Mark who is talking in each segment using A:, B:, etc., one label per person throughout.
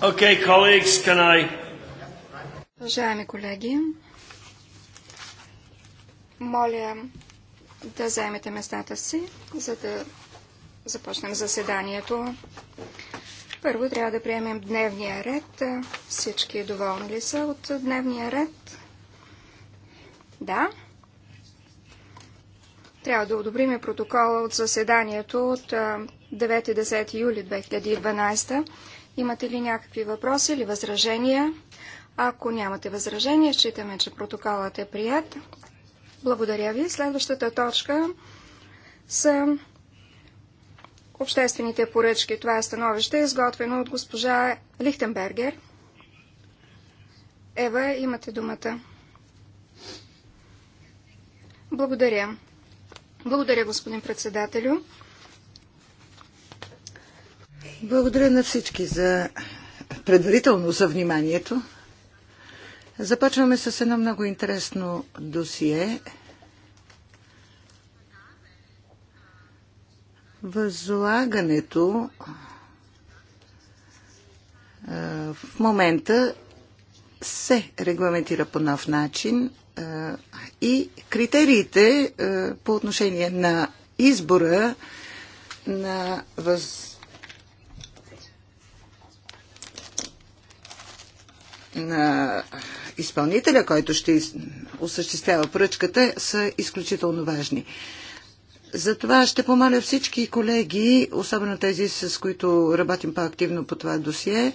A: Okay, colleagues, can I...
B: Уважаеми колеги, моля да заемете местата си, за да започнем заседанието. Първо трябва да приемем дневния ред. Всички доволни ли са от дневния ред? Да. Трябва да одобриме протокола от заседанието от 9-10 юли 2012 Имате ли някакви въпроси или възражения? Ако нямате възражения, считаме, че протоколът е прият. Благодаря ви. Следващата точка са обществените поръчки. Това е становище, изготвено от госпожа Лихтенбергер. Ева, имате думата. Благодаря. Благодаря, господин председателю.
C: Благодаря на всички за предварително за вниманието. Започваме с едно много интересно досие. Възлагането в момента се регламентира по нов начин и критериите по отношение на избора на възлагането на изпълнителя, който ще осъществява поръчката, са изключително важни. Затова ще помоля всички колеги, особено тези, с които работим по-активно по това досие,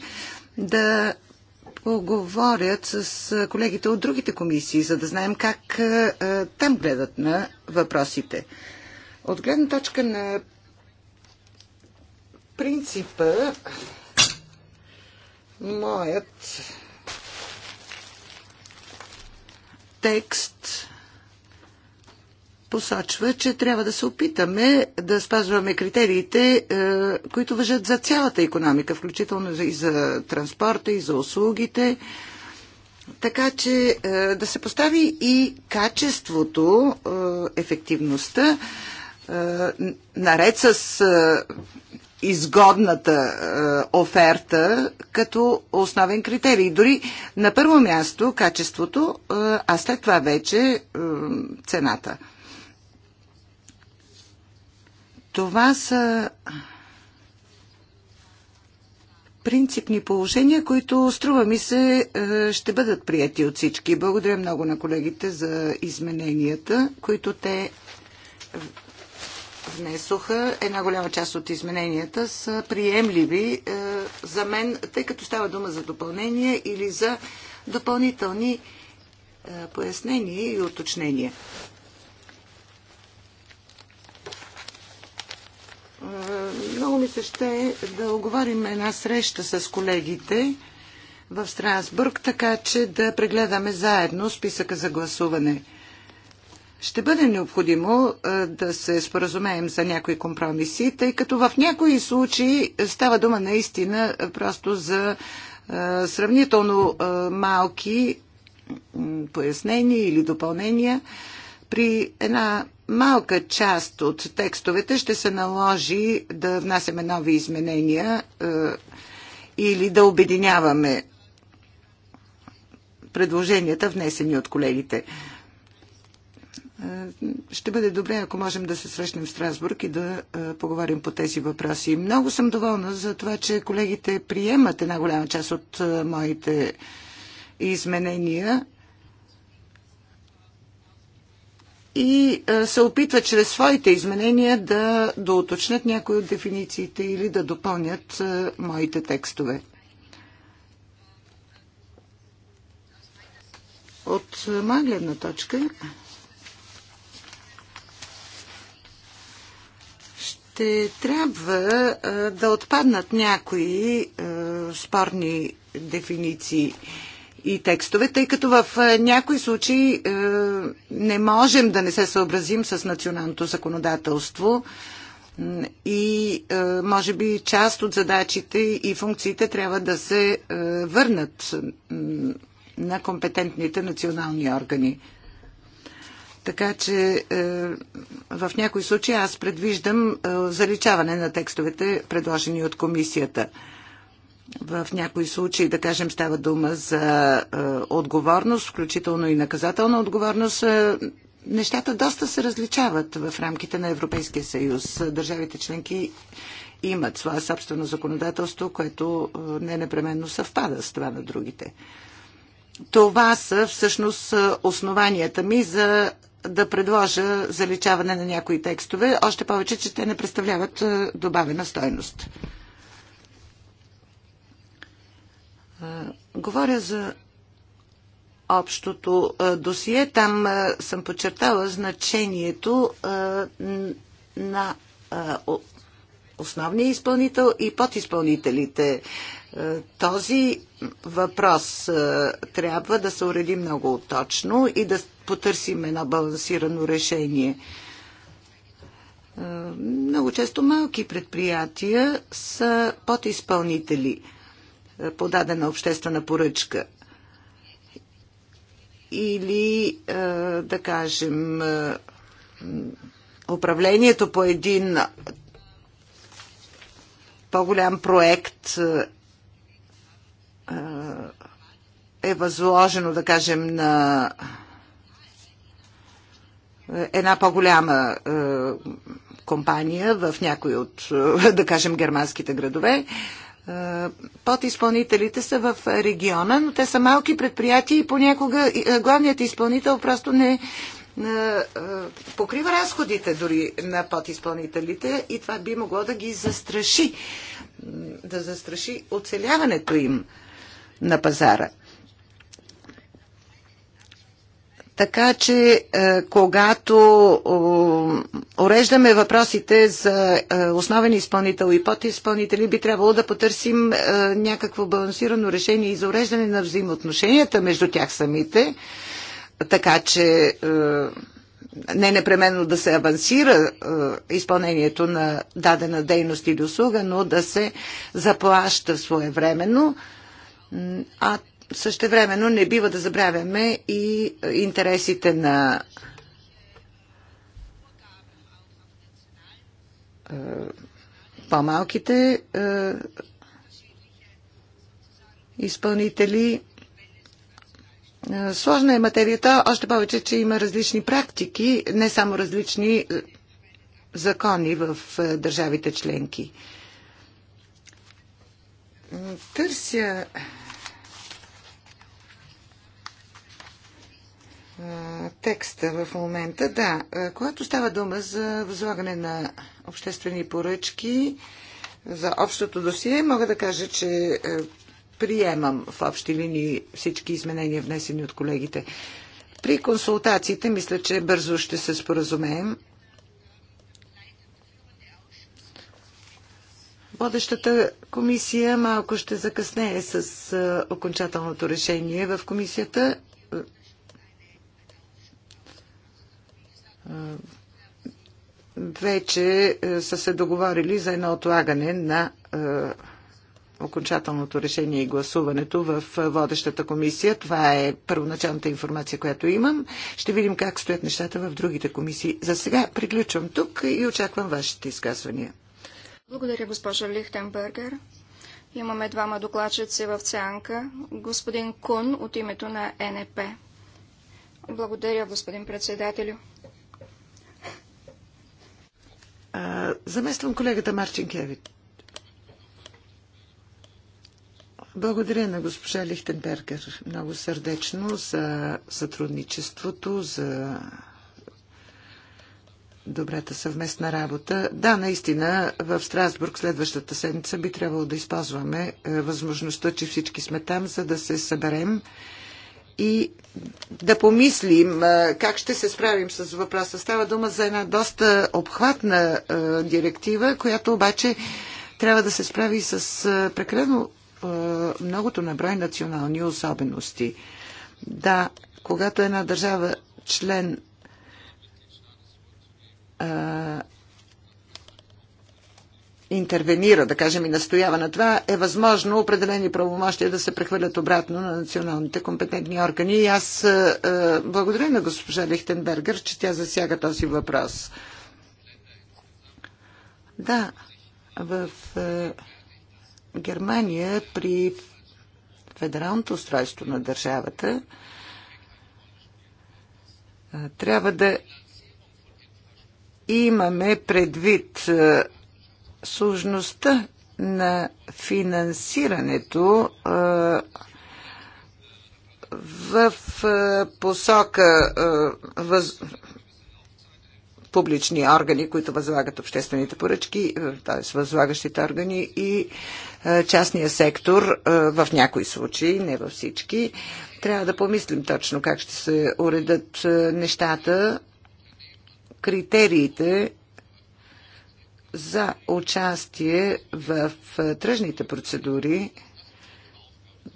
C: да поговорят с колегите от другите комисии, за да знаем как там гледат на въпросите. От гледна точка на принципа, моят текст посочва, че трябва да се опитаме да спазваме критериите, е, които въжат за цялата економика, включително и за транспорта, и за услугите. Така че е, да се постави и качеството, е, ефективността, наред с изгодната е, оферта като основен критерий. Дори на първо място качеството, е, а след това вече е, цената. Това са принципни положения, които струва ми се е, ще бъдат прияти от всички. Благодаря много на колегите за измененията, които те внесоха. Една голяма част от измененията са приемливи е, за мен, тъй като става дума за допълнение или за допълнителни е, пояснения и уточнения. Е, много ми се ще да оговорим една среща с колегите в Страсбург, така че да прегледаме заедно списъка за гласуване ще бъде необходимо да се споразумеем за някои компромиси, тъй като в някои случаи става дума наистина просто за сравнително малки пояснения или допълнения. При една малка част от текстовете ще се наложи да внасяме нови изменения или да обединяваме предложенията, внесени от колегите. Е, ще бъде добре, ако можем да се срещнем в Страсбург и да е, поговорим по тези въпроси. Много съм доволна за това, че колегите приемат една голяма част от е, моите изменения и се опитват чрез своите изменения да доуточнят някои от дефинициите или да допълнят моите текстове. От моя гледна точка ще трябва да отпаднат някои спорни дефиниции и текстове, тъй като в някои случаи не можем да не се съобразим с националното законодателство и може би част от задачите и функциите трябва да се върнат на компетентните национални органи. Така че е, в някои случаи аз предвиждам е, заличаване на текстовете, предложени от комисията. В някои случаи, да кажем, става дума за е, отговорност, включително и наказателна отговорност. Е, нещата доста се различават в рамките на Европейския съюз. Държавите членки имат своя собствено законодателство, което е, не непременно съвпада с това на другите. Това са всъщност основанията ми за да предложа заличаване на някои текстове, още повече, че те не представляват е, добавена стойност. Е, говоря за общото е, досие. Там съм подчертала значението на основния изпълнител и подизпълнителите е, този въпрос е, трябва да се уреди много точно и да потърсим едно балансирано решение. Е, много често малки предприятия са подизпълнители по дадена обществена поръчка. Или, да кажем, управлението по един по-голям проект е възложено, да кажем, на една по-голяма е, компания в някои от, е, да кажем, германските градове. Е, подизпълнителите са в региона, но те са малки предприятия и понякога главният изпълнител просто не покрива разходите дори на подизпълнителите и това би могло да ги застраши, да застраши оцеляването им на пазара. Така че, е, когато уреждаме въпросите за е, основен изпълнител и подизпълнители, би трябвало да потърсим е, някакво балансирано решение и за уреждане на взаимоотношенията между тях самите, така че не непременно да се авансира изпълнението на дадена дейност или услуга, но да се заплаща своевременно. А Същевременно не бива да забравяме и интересите на е, по-малките е, изпълнители. Е, сложна е материята, още повече, че има различни практики, не само различни закони в държавите членки. Търся текста в момента. Да, когато става дума за възлагане на обществени поръчки, за общото досие, мога да кажа, че приемам в общи линии всички изменения, внесени от колегите. При консултациите мисля, че бързо ще се споразумеем. Водещата комисия малко ще закъснее с окончателното решение в комисията вече е, са се договорили за едно отлагане на е, окончателното решение и гласуването в е, водещата комисия. Това е първоначалната информация, която имам. Ще видим как стоят нещата в другите комисии. За сега приключвам тук и очаквам вашите изказвания.
B: Благодаря, госпожа Лихтенбергер. Имаме двама докладчици в сянка. Господин Кун от името на НП. Благодаря, господин председателю.
C: Замествам колегата Марчин Кевит. Благодаря на госпожа Лихтенбергер много сърдечно за сътрудничеството, за добрата съвместна работа. Да, наистина, в Страсбург следващата седмица би трябвало да използваме е, възможността, че всички сме там, за да се съберем и да помислим как ще се справим с въпроса. Става дума за една доста обхватна директива, която обаче трябва да се справи с прекалено многото наброй национални особености. Да, когато една държава член интервенира, да кажем и настоява на това, е възможно определени правомощия да се прехвърлят обратно на националните компетентни органи. И аз е, е, благодаря на госпожа Лихтенбергер, че тя засяга този въпрос. Да, в е, Германия при федералното устройство на държавата е, трябва да имаме предвид е, сложността на финансирането в посока въз... публични органи, които възлагат обществените поръчки, т.е. възлагащите органи и частния сектор в някои случаи, не във всички. Трябва да помислим точно как ще се уредат нещата, критериите за участие в е, тръжните процедури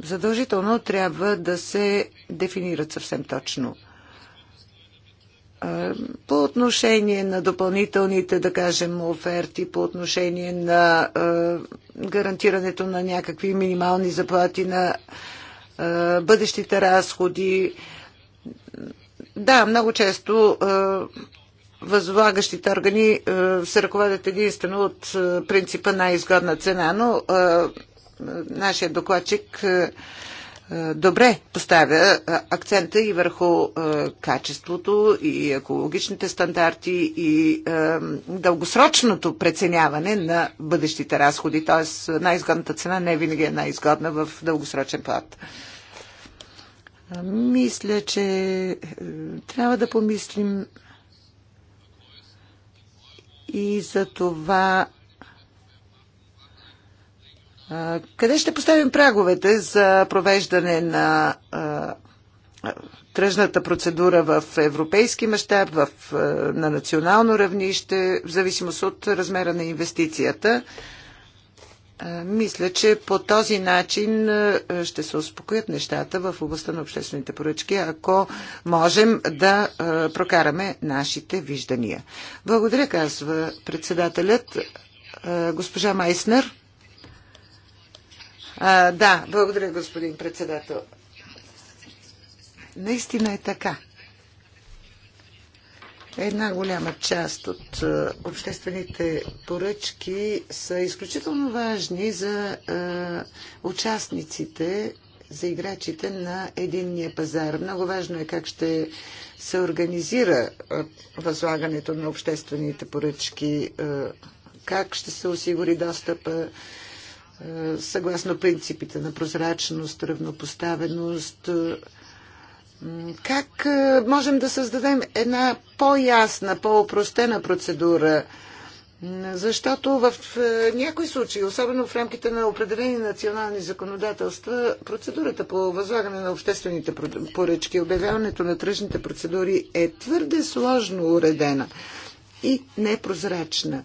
C: задължително трябва да се дефинират съвсем точно. Е, по отношение на допълнителните, да кажем, оферти, по отношение на е, гарантирането на някакви минимални заплати на бъдещите разходи. Да, много често възлагащите органи е, се ръководят единствено от е, принципа на изгодна цена, но е, нашия докладчик добре поставя акцента и върху качеството и екологичните стандарти и дългосрочното преценяване на бъдещите разходи. Т.е. най-изгодната цена не винаги е най-изгодна в дългосрочен плат. Мисля, че трябва да помислим и за това къде ще поставим праговете за провеждане на тръжната процедура в европейски мащаб, на национално равнище, в зависимост от размера на инвестицията? Мисля, че по този начин ще се успокоят нещата в областта на обществените поръчки, ако можем да прокараме нашите виждания. Благодаря, казва председателят. Госпожа Майснер. А, да, благодаря, господин председател. Наистина е така. Една голяма част от е, обществените поръчки са изключително важни за е, участниците, за играчите на единния пазар. Много важно е как ще се организира е, възлагането на обществените поръчки, как ще се осигури достъпа съгласно принципите на прозрачност, равнопоставеност, как можем да създадем една по-ясна, по-опростена процедура? Защото в някои случаи, особено в рамките на определени национални законодателства, процедурата по възлагане на обществените поръчки, обявяването на тръжните процедури е твърде сложно уредена и непрозрачна.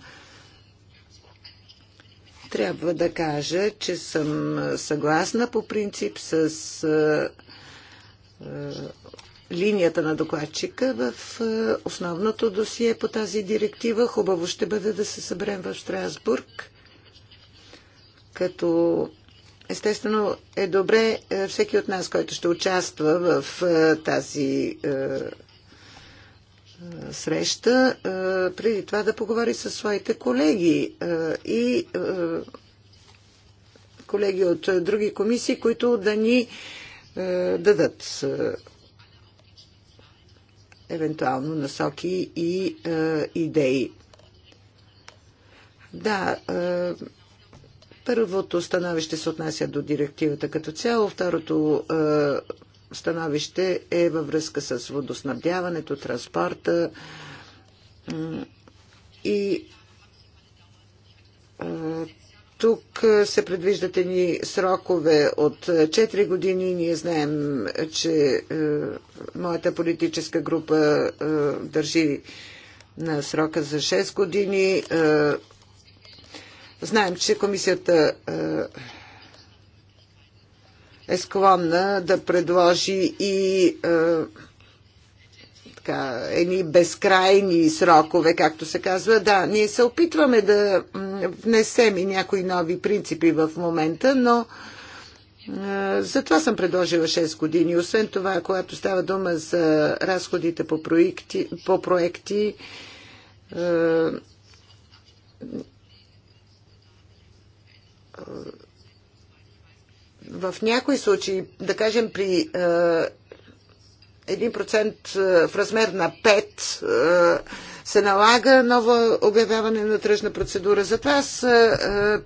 C: Трябва да кажа, че съм съгласна по принцип с е, линията на докладчика в е, основното досие по тази директива. Хубаво ще бъде да се съберем в Штрасбург, като естествено е добре е, всеки от нас, който ще участва в тази среща, преди това да поговори с своите колеги и колеги от други комисии, които да ни е, дадат е, евентуално насоки и е, идеи. Да, първото становище се отнася до директивата като цяло, второто становище е във връзка с водоснабдяването, транспорта и тук се предвиждат едни срокове от 4 години. Ние знаем, че моята политическа група държи на срока за 6 години. Знаем, че комисията е склонна да предложи и така, едни безкрайни срокове, както се казва. Да, ние се опитваме да внесем и някои нови принципи в момента, но затова съм предложила 6 години. Освен това, когато става дума за разходите по проекти, по проекти в някои случаи, да кажем при 1% в размер на 5% се налага ново обявяване на тръжна процедура. Затова аз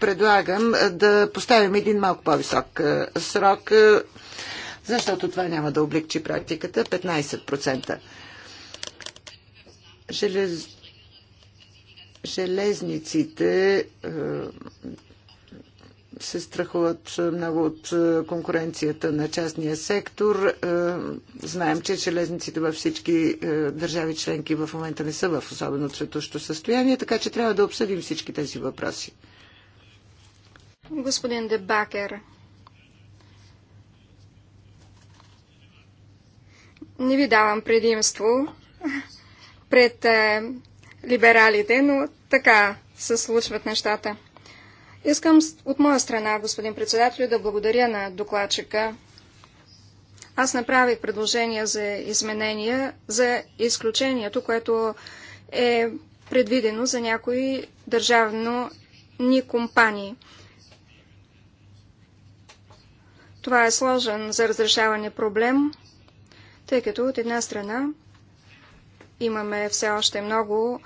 C: предлагам да поставим един малко по-висок срок, защото това няма да облегчи практиката. 15%. Желез... Железниците се страхуват е, много от е, конкуренцията на частния сектор. Е, знаем, че железниците във всички държави членки в момента не са в особено цветущо състояние, така че трябва да обсъдим всички тези въпроси.
B: Господин Дебакер, не ви давам предимство пред либералите, но така се случват нещата. Искам от моя страна, господин председател, да благодаря на докладчика. Аз направих предложение за изменения за изключението, което е предвидено за някои държавни компании. Това е сложен за разрешаване проблем, тъй като от една страна имаме все още много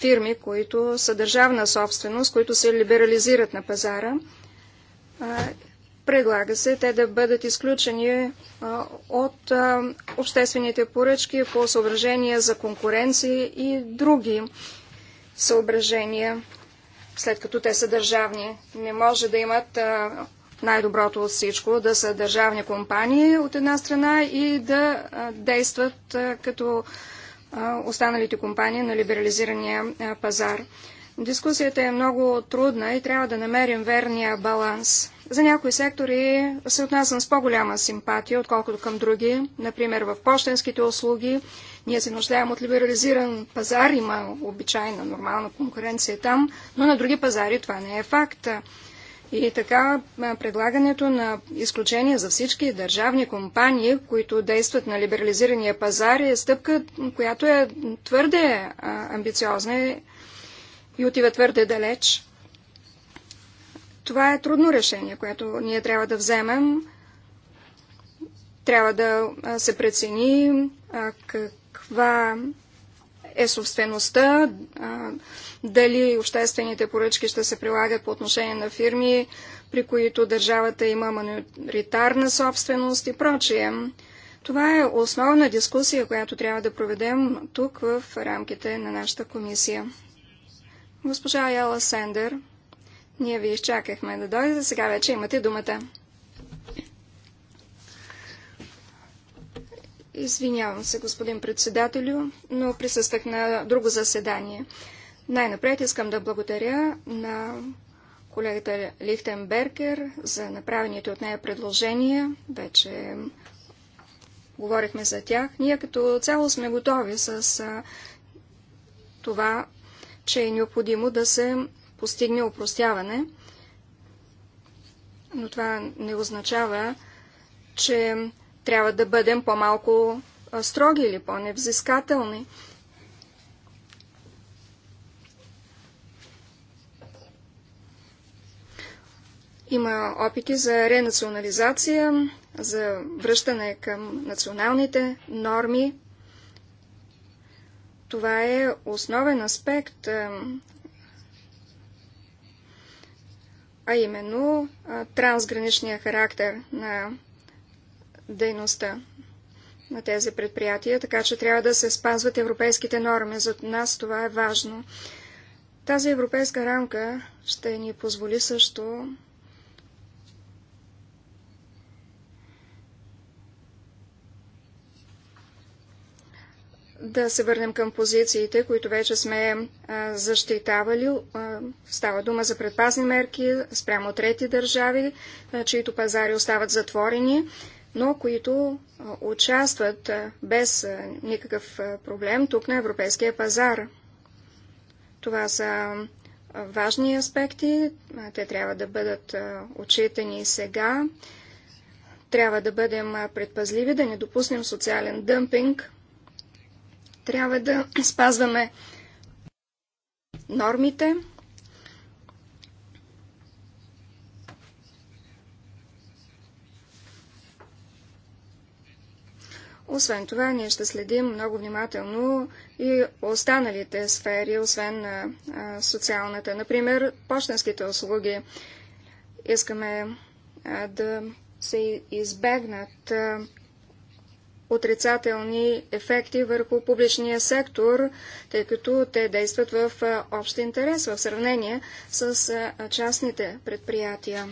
B: фирми, които са държавна собственост, които се либерализират на пазара. Предлага се те да бъдат изключени от обществените поръчки по съображения за конкуренция и други съображения, след като те са държавни. Не може да имат най-доброто от всичко, да са държавни компании от една страна и да действат като останалите компании на либерализирания пазар. Дискусията е много трудна и трябва да намерим верния баланс. За някои сектори се отнасям с по-голяма симпатия, отколкото към други. Например, в почтенските услуги ние се нуждаем от либерализиран пазар, има обичайна, нормална конкуренция там, но на други пазари това не е факт. И така предлагането на изключения за всички държавни компании, които действат на либерализирания пазар, е стъпка, която е твърде амбициозна и отива твърде далеч. Това е трудно решение, което ние трябва да вземем. Трябва да се прецени каква е собствеността, дали обществените поръчки ще се прилагат по отношение на фирми, при които държавата има маноритарна собственост и прочие. Това е основна дискусия, която трябва да проведем тук в рамките на нашата комисия. Госпожа Яла Сендер, ние ви изчакахме да дойдете, сега вече имате думата. Извинявам се, господин председателю, но присъствах на друго заседание. Най-напред искам да благодаря на колегата Лихтенбергер за направените от нея предложения. Вече говорихме за тях. Ние като цяло сме готови с това, че е необходимо да се постигне упростяване, но това не означава, че трябва да бъдем по-малко строги или по-невзискателни. Има опити за ренационализация, за връщане към националните норми. Това е основен аспект, а именно трансграничния характер на дейността на тези предприятия, така че трябва да се спазват европейските норми. За нас това е важно. Тази европейска рамка ще ни позволи също да се върнем към позициите, които вече сме защитавали. става дума за предпазни мерки спрямо трети държави, чието пазари остават затворени но които участват без никакъв проблем тук на европейския пазар. Това са важни аспекти. Те трябва да бъдат отчитани сега. Трябва да бъдем предпазливи, да не допуснем социален дъмпинг. Трябва да спазваме нормите. Освен това, ние ще следим много внимателно и останалите сфери, освен а, социалната. Например, почтенските услуги. Искаме а, да се избегнат а, отрицателни ефекти върху публичния сектор, тъй като те действат в общ интерес в сравнение с частните предприятия,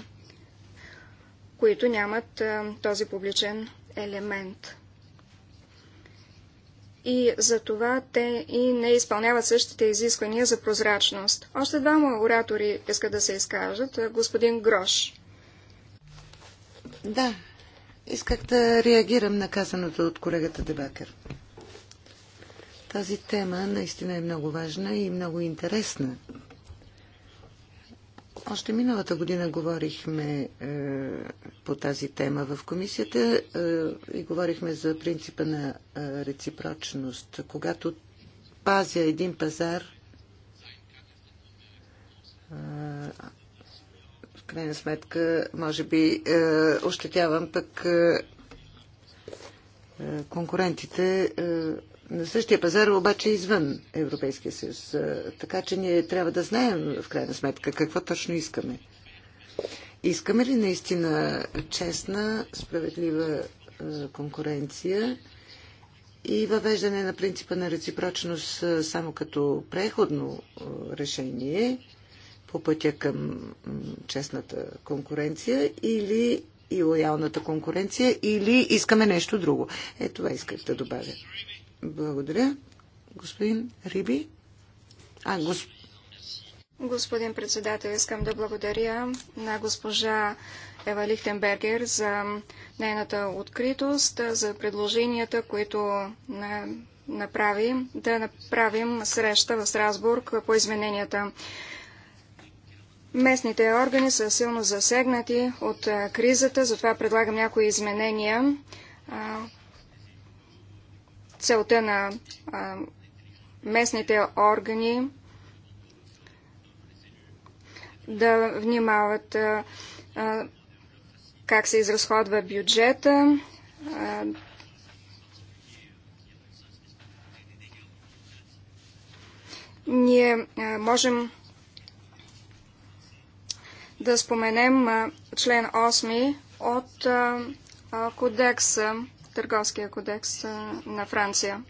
B: които нямат този публичен елемент и за това те и не изпълняват същите изисквания за прозрачност. Още двама оратори искат да се изкажат. Господин Грош.
C: Да, исках да реагирам на казаното от колегата Дебакер. Тази тема наистина е много важна и много интересна още миналата година говорихме е, по тази тема в комисията е, и говорихме за принципа на е, реципрочност. Когато пазя един пазар, е, в крайна сметка, може би, е, ощетявам пък е, е конкурентите. Е, на същия пазар обаче извън Европейския съюз. Така че ние трябва да знаем в крайна сметка какво точно искаме. Искаме ли наистина честна, справедлива конкуренция и въвеждане на принципа на реципрочност само като преходно решение по пътя към честната конкуренция или и лоялната конкуренция или искаме нещо друго. Е, това исках да добавя. Благодаря. Господин Риби? А, госп...
B: Господин председател, искам да благодаря на госпожа Ева Лихтенбергер за нейната откритост, за предложенията, които направи, да направим среща в Страсбург по измененията. Местните органи са силно засегнати от кризата, затова предлагам някои изменения, целта на а, местните органи да внимават а, как се изразходва бюджета, а, ние можем да споменем член 8 от кодекса Търговския кодекс на Франция.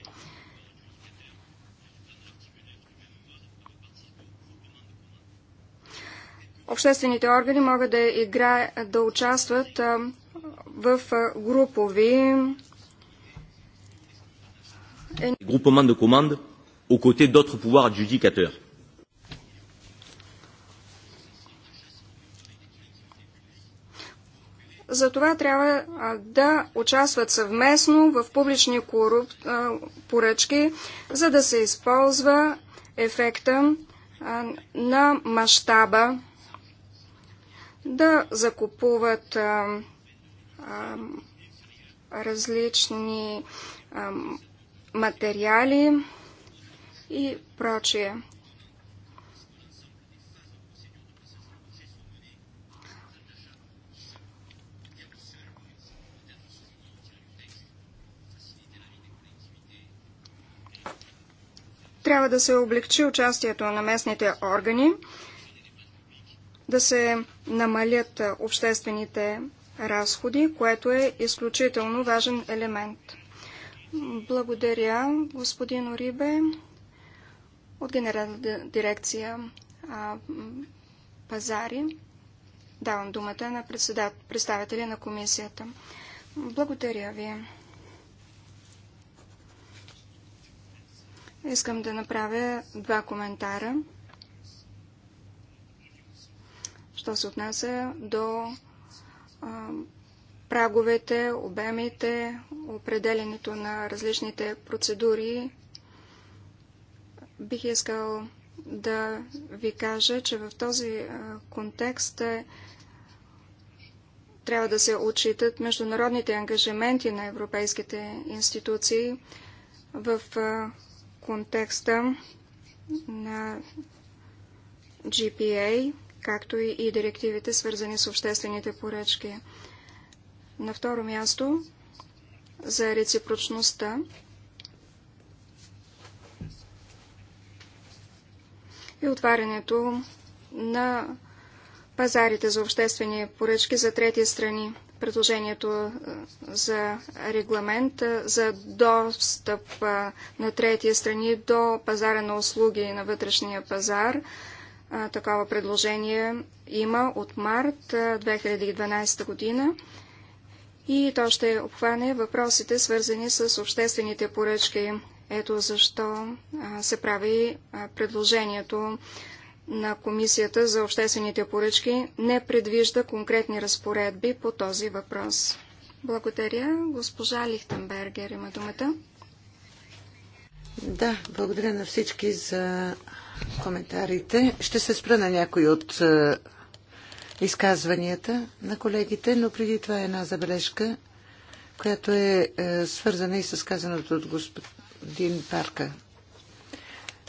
B: Обществените органи могат да, игра, да участват в групови
A: groupements de команда, aux côtés d'autres pouvoirs adjudicateurs.
B: това трябва да участват съвместно в публични коруп... поръчки, за да се използва ефекта на мащаба, да закупуват различни материали и прочие. Трябва да се облегчи участието на местните органи, да се намалят обществените разходи, което е изключително важен елемент. Благодаря, господин Орибе, от Генерална дирекция а, Пазари. Давам думата на представители на комисията. Благодаря ви. Искам да направя два коментара. Що се отнася до а, праговете, обемите, определенето на различните процедури, бих искал да ви кажа, че в този контекст трябва да се отчитат международните ангажименти на европейските институции в контекста на GPA, както и директивите, свързани с обществените поръчки. На второ място, за реципрочността. и отварянето на пазарите за обществени поръчки за трети страни предложението за регламент за достъп на трети страни до пазара на услуги на вътрешния пазар. Такова предложение има от март 2012 година и то ще обхване въпросите, свързани с обществените поръчки. Ето защо се прави предложението на Комисията за обществените поръчки не предвижда конкретни разпоредби по този въпрос. Благодаря. Госпожа Лихтенбергер има думата.
C: Да, благодаря на всички за коментарите. Ще се спра на някои от е, изказванията на колегите, но преди това е една забележка, която е, е свързана и с казаното от господин Парка.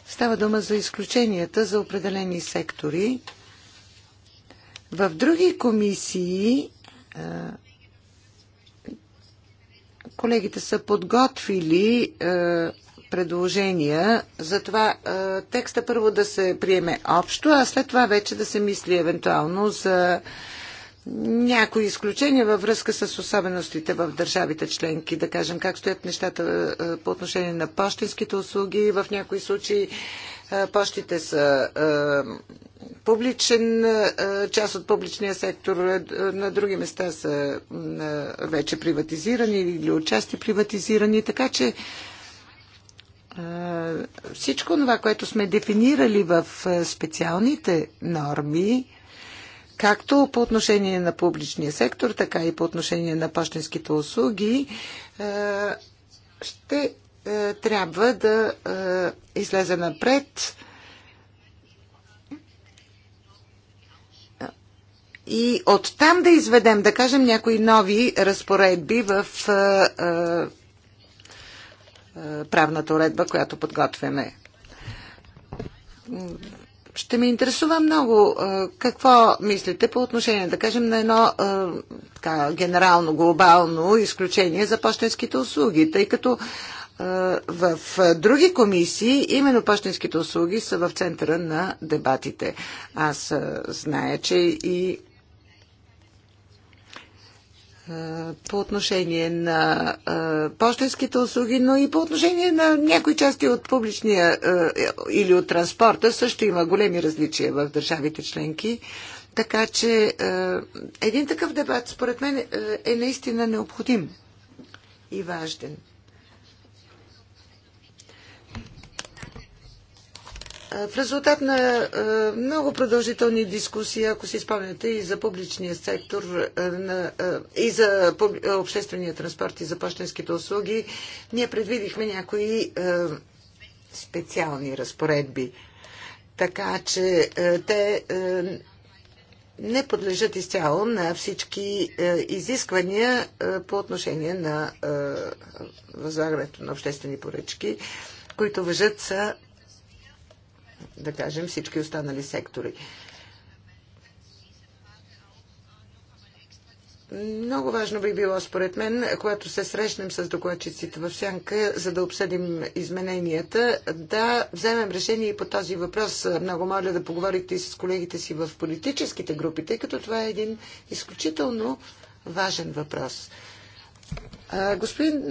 C: Става дума за изключенията за определени сектори. В други комисии колегите са подготвили предложения за това текста първо да се приеме общо, а след това вече да се мисли евентуално за някои изключения във връзка с особеностите в държавите членки, да кажем как стоят нещата е, е, по отношение на почтенските услуги. В някои случаи е, почтите са публичен, част от публичния сектор, на други места са вече приватизирани или отчасти приватизирани, така че всичко това, което сме дефинирали в специалните норми, както по отношение на публичния сектор, така и по отношение на почтенските услуги, е, ще е, трябва да е, излезе напред и оттам да изведем, да кажем, някои нови разпоредби в правната уредба, която подготвяме ще ме интересува много какво мислите по отношение, да кажем, на едно така, генерално, глобално изключение за почтенските услуги, тъй като в други комисии именно почтенските услуги са в центъра на дебатите. Аз зная, че и е, по отношение на е, почтенските услуги, но и по отношение на някои части от публичния е, или от транспорта също има големи различия в държавите членки. Така че един такъв дебат, според мен, е наистина необходим и важен. В резултат на е, много продължителни дискусии, ако си спомняте, и за публичния сектор, е, е, и за обществения транспорт, и за почтенските услуги, ние предвидихме някои специални разпоредби. Така че те не подлежат изцяло на всички изисквания по отношение на възлагането на обществени поръчки, които въжат са да кажем, всички останали сектори. Много важно би било, според мен, когато се срещнем с докладчиците в Сянка, за да обсъдим измененията, да вземем решение и по този въпрос. Много моля да поговорите и с колегите си в политическите групи, тъй като това е един изключително важен въпрос. Господин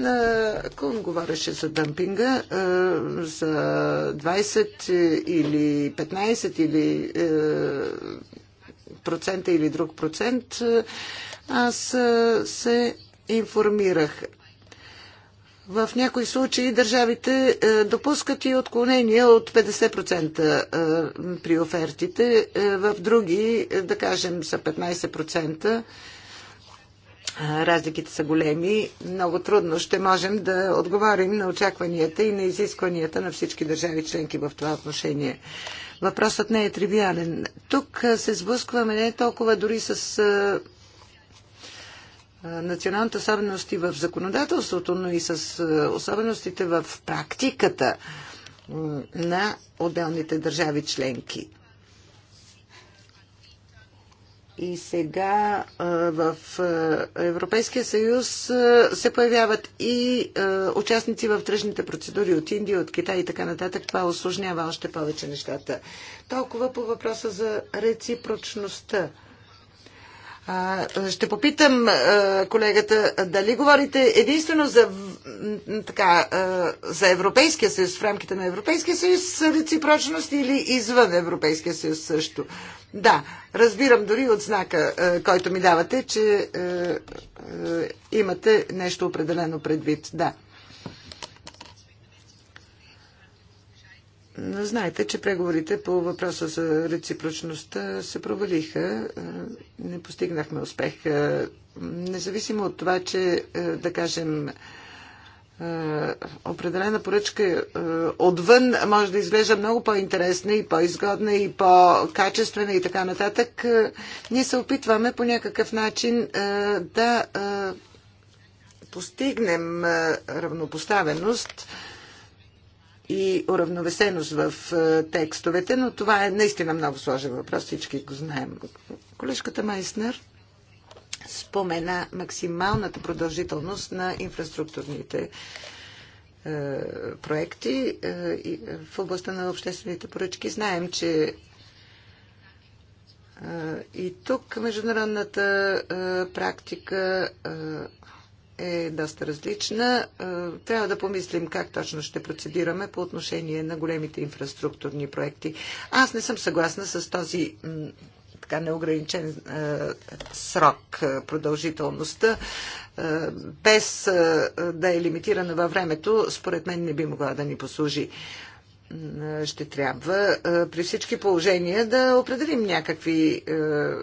C: Кун говореше за дъмпинга, за 20 или 15 или процента или друг процент. Аз се информирах. В някои случаи държавите допускат и отклонения от 50% при офертите, в други, да кажем, са 15% разликите са големи, много трудно ще можем да отговорим на очакванията и на изискванията на всички държави членки в това отношение. Въпросът не е тривиален. Тук се сблъскваме не толкова дори с националните особености в законодателството, но и с особеностите в практиката на отделните държави членки. И сега в Европейския съюз се появяват и участници в тръжните процедури от Индия, от Китай и така нататък. Това осложнява още повече нещата. Толкова по въпроса за реципрочността. А, ще попитам а, колегата дали говорите единствено за, така, а, за Европейския съюз, в рамките на Европейския съюз, реципрочност или извън Европейския съюз също. Да, разбирам дори от знака, а, който ми давате, че а, а, имате нещо определено предвид. Да. Знаете, че преговорите по въпроса за реципрочността се провалиха. Е, не постигнахме успех. Е, независимо от това, че, е, да кажем, определена поръчка отвън може да изглежда много по-интересна и по-изгодна и по-качествена и така нататък, ние се опитваме по някакъв начин да постигнем равнопоставеност и уравновесеност в е, текстовете, но това е наистина много сложен въпрос, всички го знаем. Колежката Майснер спомена максималната продължителност на инфраструктурните е, проекти е, в областта на обществените поръчки. Знаем, че и тук международната практика е доста различна. Е, трябва да помислим как точно ще процедираме по отношение на големите инфраструктурни проекти. Аз не съм съгласна с този така неограничен е, срок, е, продължителността, без да е лимитирана във времето, според мен не би могла да ни послужи. Е, ще трябва е, при всички положения да определим някакви е,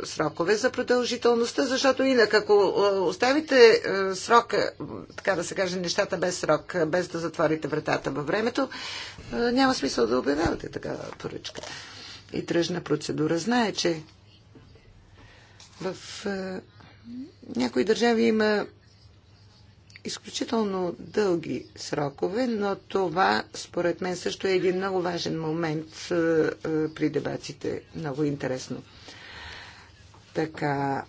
C: срокове за продължителността, защото инак ако оставите срока, така да се каже, нещата без срок, без да затворите вратата във времето, няма смисъл да обявявате такава поръчка. И тръжна процедура знае, че в някои държави има изключително дълги срокове, но това според мен също е един много важен момент е, е, при дебатите. Много интересно. Така,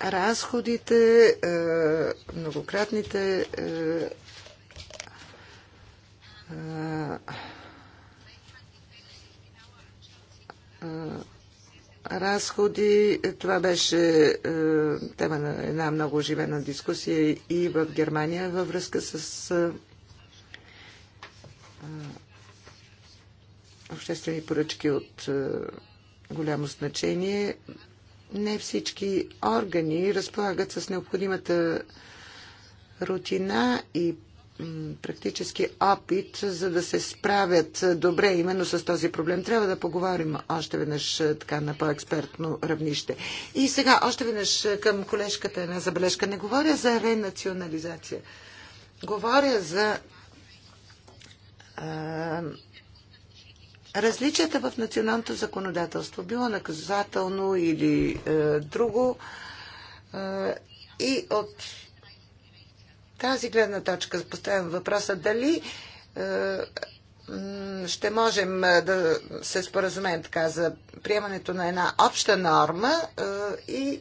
C: разходите, е, многократните разходи. Това беше е, тема на една много оживена дискусия и в Германия във връзка с е, е, обществени поръчки от голямо значение. Не всички органи разполагат с необходимата рутина и практически опит, за да се справят добре именно с този проблем. Трябва да поговорим още веднъж така на по-експертно равнище. И сега още веднъж към колежката една забележка. Не говоря за ренационализация. Говоря за а, различията в националното законодателство, било наказателно или а, друго. А, и от тази гледна точка поставям въпроса дали е, ще можем е, да се споразумеем така за приемането на една обща норма е, и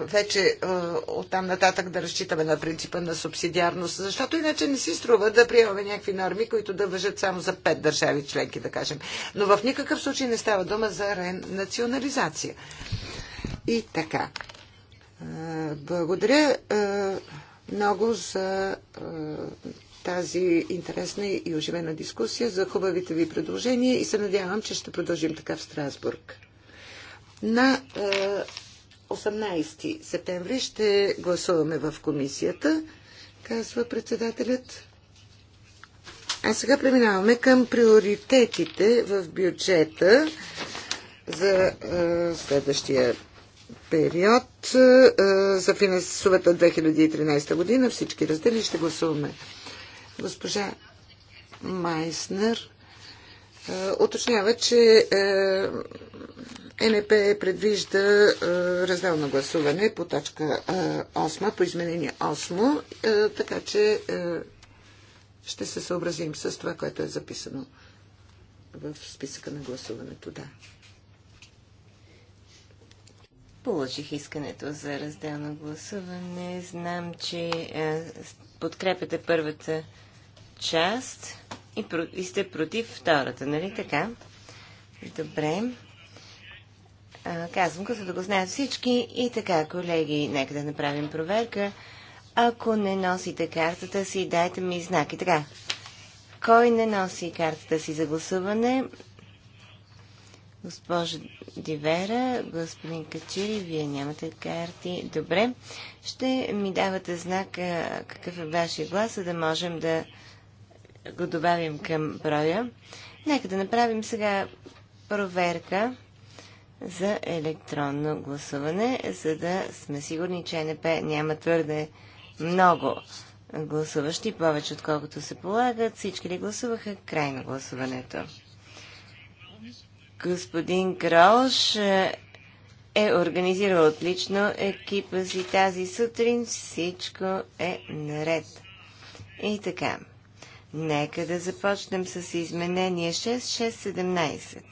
C: вече оттам нататък да разчитаме на принципа на субсидиарност, защото иначе не си струва да приемаме някакви норми, които да въжат само за пет държави членки, да кажем. Но в никакъв случай не става дума за ренационализация. И така. Благодаря много за тази интересна и оживена дискусия, за хубавите ви предложения и се надявам, че ще продължим така в Страсбург. На 18 септември ще гласуваме в комисията, казва председателят. А сега преминаваме към приоритетите в бюджета за следващия период е, за финансовата 2013 година. Всички раздели ще гласуваме. Госпожа Майснер е, уточнява, че е, НП предвижда разделно гласуване по точка 8, по изменение 8, така че ще се съобразим с това, което е записано в
A: списъка на гласуването. Да. Получих искането за разделно гласуване. Знам, че е, подкрепяте първата част и, про, и сте против втората, нали така? Добре. А, казвам, като да го знаят всички. И така, колеги, нека да направим проверка. Ако не носите картата си, дайте ми знак. И така, кой не носи картата си за гласуване, Госпожа Дивера, господин Качири, вие нямате карти. Добре, ще ми давате знак какъв е вашия глас, за да можем да го добавим към броя. Нека да направим сега проверка за електронно гласуване, за да сме сигурни, че НП няма твърде много гласуващи, повече отколкото се полагат. Всички ли гласуваха край на гласуването? Господин Кролш е, е организирал отлично екипа си тази сутрин. Всичко е наред. И така. Нека да започнем с изменение 6617,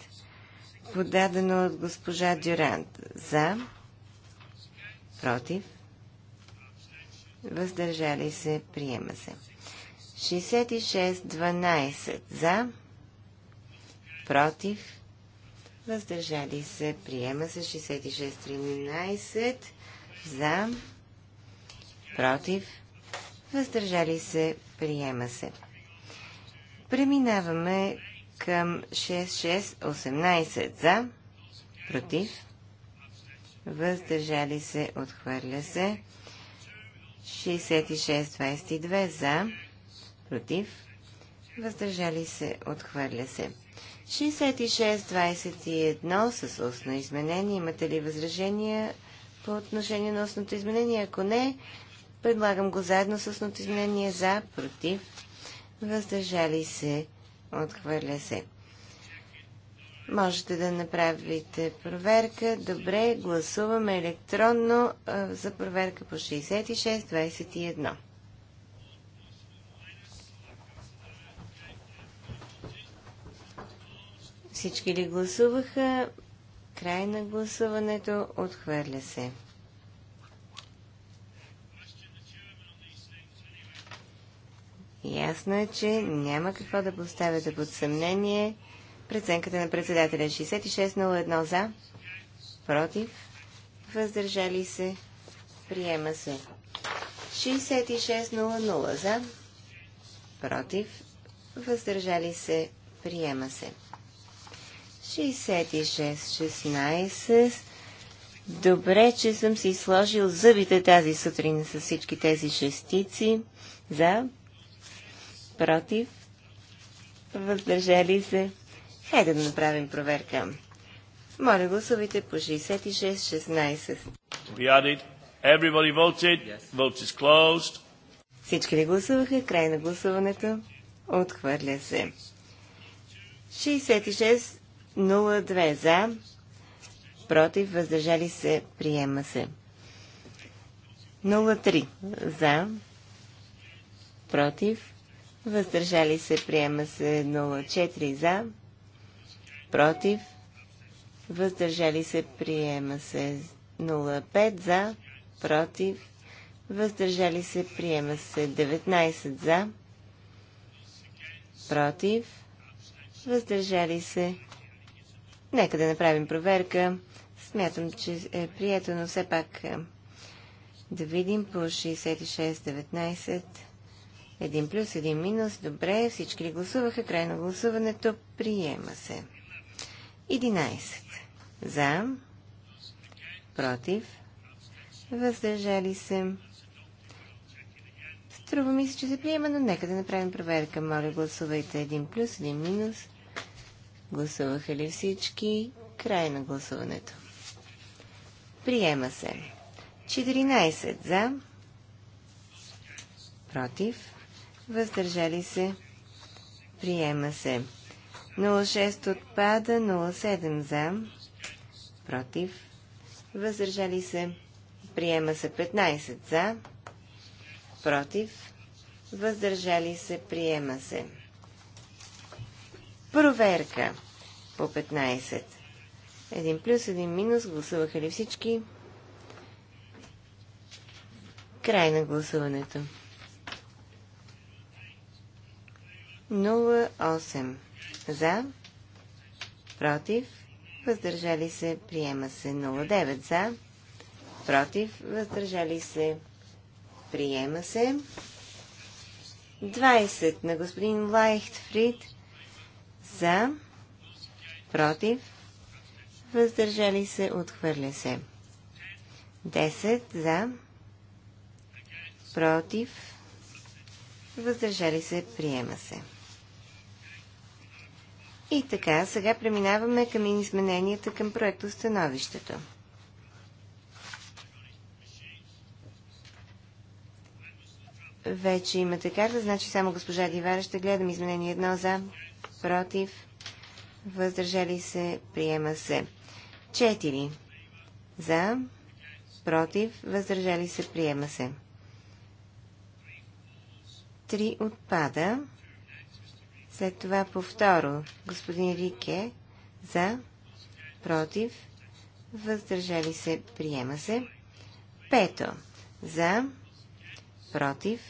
A: подадено от госпожа Дюрант. За, против, въздържали се, приема се. 6612 за, против, въздържали се, приема се 66-13, за, против, въздържали се, приема се. Преминаваме към 6-6-18 за, против, въздържали се, отхвърля се, 66-22 за, против, въздържали се, отхвърля се. 66-21 с устно изменение. Имате ли възражения по отношение на устното изменение? Ако не, предлагам го заедно с устното изменение за, против, въздържали се, отхвърля се. Можете да направите проверка. Добре, гласуваме електронно за проверка по 66-21. Всички ли гласуваха? Край на гласуването. Отхвърля се. Ясно е, че няма какво да поставяте под съмнение преценката на председателя. 6601 е за, против, въздържали се, приема се. 6600 за, против, въздържали се, приема се. 66-16. Добре, че съм си сложил зъбите тази сутрин с всички тези шестици. За, против, въздържали се. Хайде да направим проверка. Моля, гласувайте по 66-16. Everybody voted. Yes. Vote is closed. Всички ли гласуваха? Край на гласуването. Отхвърля се. 66 02 за, против, въздържали се, приема се. 03 за, против, въздържали се, приема се. 04 за, против, въздържали се, приема се. 05 за, против, въздържали се, приема се. 19 за, против, въздържали се, Нека да направим проверка. Смятам, че е прието, но все пак е, да видим по 66-19. Един плюс, един минус. Добре, всички ли гласуваха? Край на гласуването. Приема се. 11. За. Против. Въздържали се. Струва ми се, че се приема, но нека да направим проверка. Моля, гласувайте един плюс, един минус. Гласуваха ли всички? Край на гласуването. Приема се. 14 за. Против. Въздържали се. Приема се. 06 отпада. 07 за. Против. Въздържали се. Приема се 15 за. Против. Въздържали се. Приема се. Проверка по 15. Един плюс, един минус. Гласуваха ли всички? Край на гласуването. 08 за, против, въздържали се, приема се 09 за, против, въздържали се, приема се 20 на господин Лайхтфрид за. Против. Въздържали се. Отхвърля се. 10. За. Против. Въздържали се. Приема се. И така, сега преминаваме към измененията към проекто становището. Вече имате карта, значи само госпожа Дивара ще гледам изменение едно за, против, въздържали се, приема се. Четири. За, против, въздържали се, приема се. Три отпада. След това повторо. Господин Рике, за, против, въздържали се, приема се. Пето, за, против, против,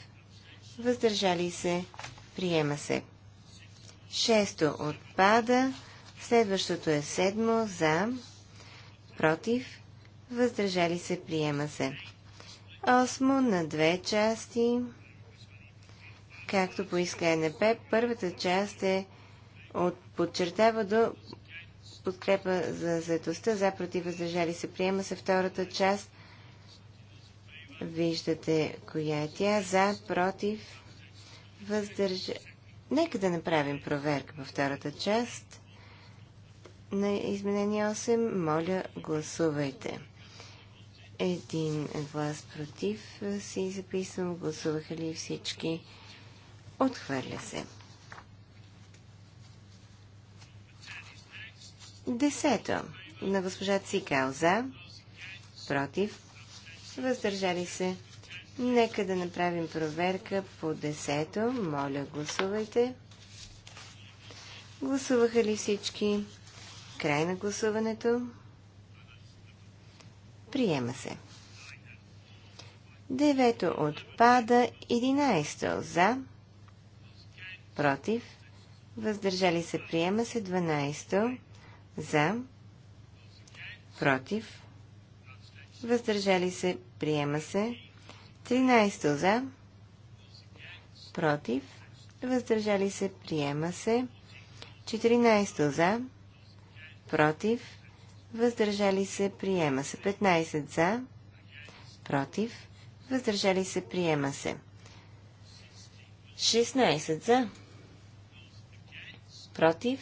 A: въздържали се, приема се. Шесто отпада, следващото е седмо за, против, въздържали се, приема се. Осмо на две части, както поиска НП, първата част е от подчертава до подкрепа за заедостта, за против, въздържали се, приема се. Втората част – Виждате коя е тя. За, против, въздържа... Нека да направим проверка във втората част на изменение 8. Моля, гласувайте. Един глас против си записвам. Гласуваха ли всички? Отхвърля се. Десето. На госпожа Цикал за. Против въздържали се. Нека да направим проверка по десето. Моля, гласувайте. Гласуваха ли всички? Край на гласуването. Приема се. Девето отпада. Единайсто за. Против. Въздържали се. Приема се. Дванайсто за. Против въздържали се, приема се. 13 за, против, въздържали се, приема се. 14 за, против, въздържали се, приема се. 15 за, против, въздържали се, приема се. 16 за, против,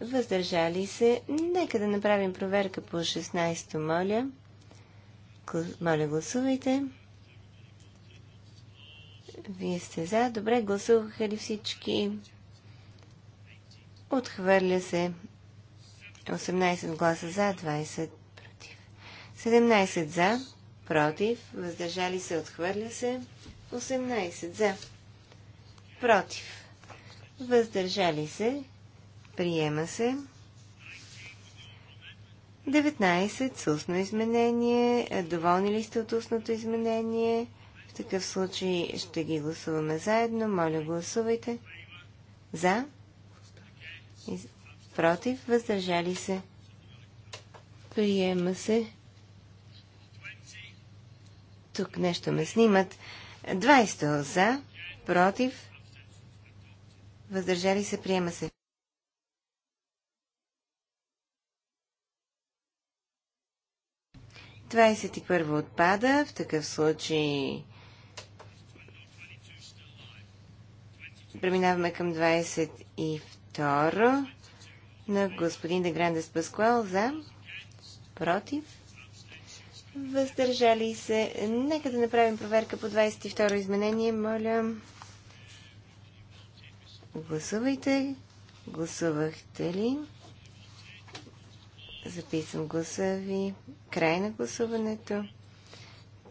A: въздържали се. Нека да направим проверка по 16, моля. Моля, гласувайте. Вие сте за. Добре, гласуваха ли всички? Отхвърля се 18 гласа за, 20 против. 17 за, против, въздържали се, отхвърля се. 18 за, против, въздържали се, приема се. 19 с устно изменение. Е, доволни ли сте от устното изменение? В такъв случай ще ги гласуваме заедно. Моля, гласувайте. За? Из... Против? Въздържали се? Приема се. Тук нещо ме снимат. 20 за, против, въздържали се, приема се. 21 отпада. В такъв случай преминаваме към 22 на господин Деграндес Паскуал за против. Въздържали се. Нека да направим проверка по 22 изменение. Моля. Гласувайте. Гласувахте ли? Записвам гласа ви. Край на гласуването.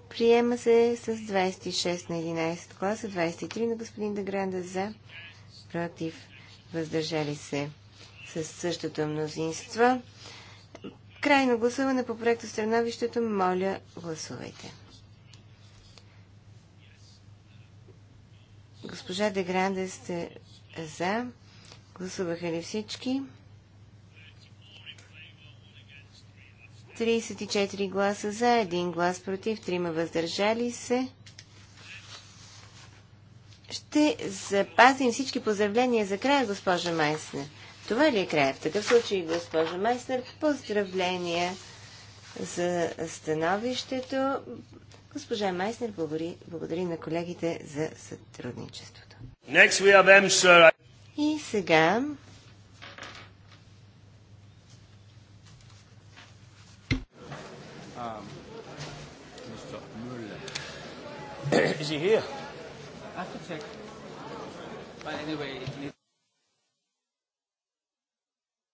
A: Приема се с 26 на 11 гласа, 23 на господин Дагранда за, против, въздържали се с същото мнозинство. Крайно гласуване по проекта становището. Моля, гласувайте. Госпожа Дегранде сте за. Гласуваха ли всички? 34 гласа за, 1 глас против, 3 въздържали се. Ще запазим всички поздравления за края, госпожа Майснер. Това ли е края? В такъв случай, госпожа Майснер, поздравления за становището. Госпожа Майснер благодари, благодари на колегите за сътрудничеството. Next we have M, sir. И сега Is he here? I have to check. But anyway,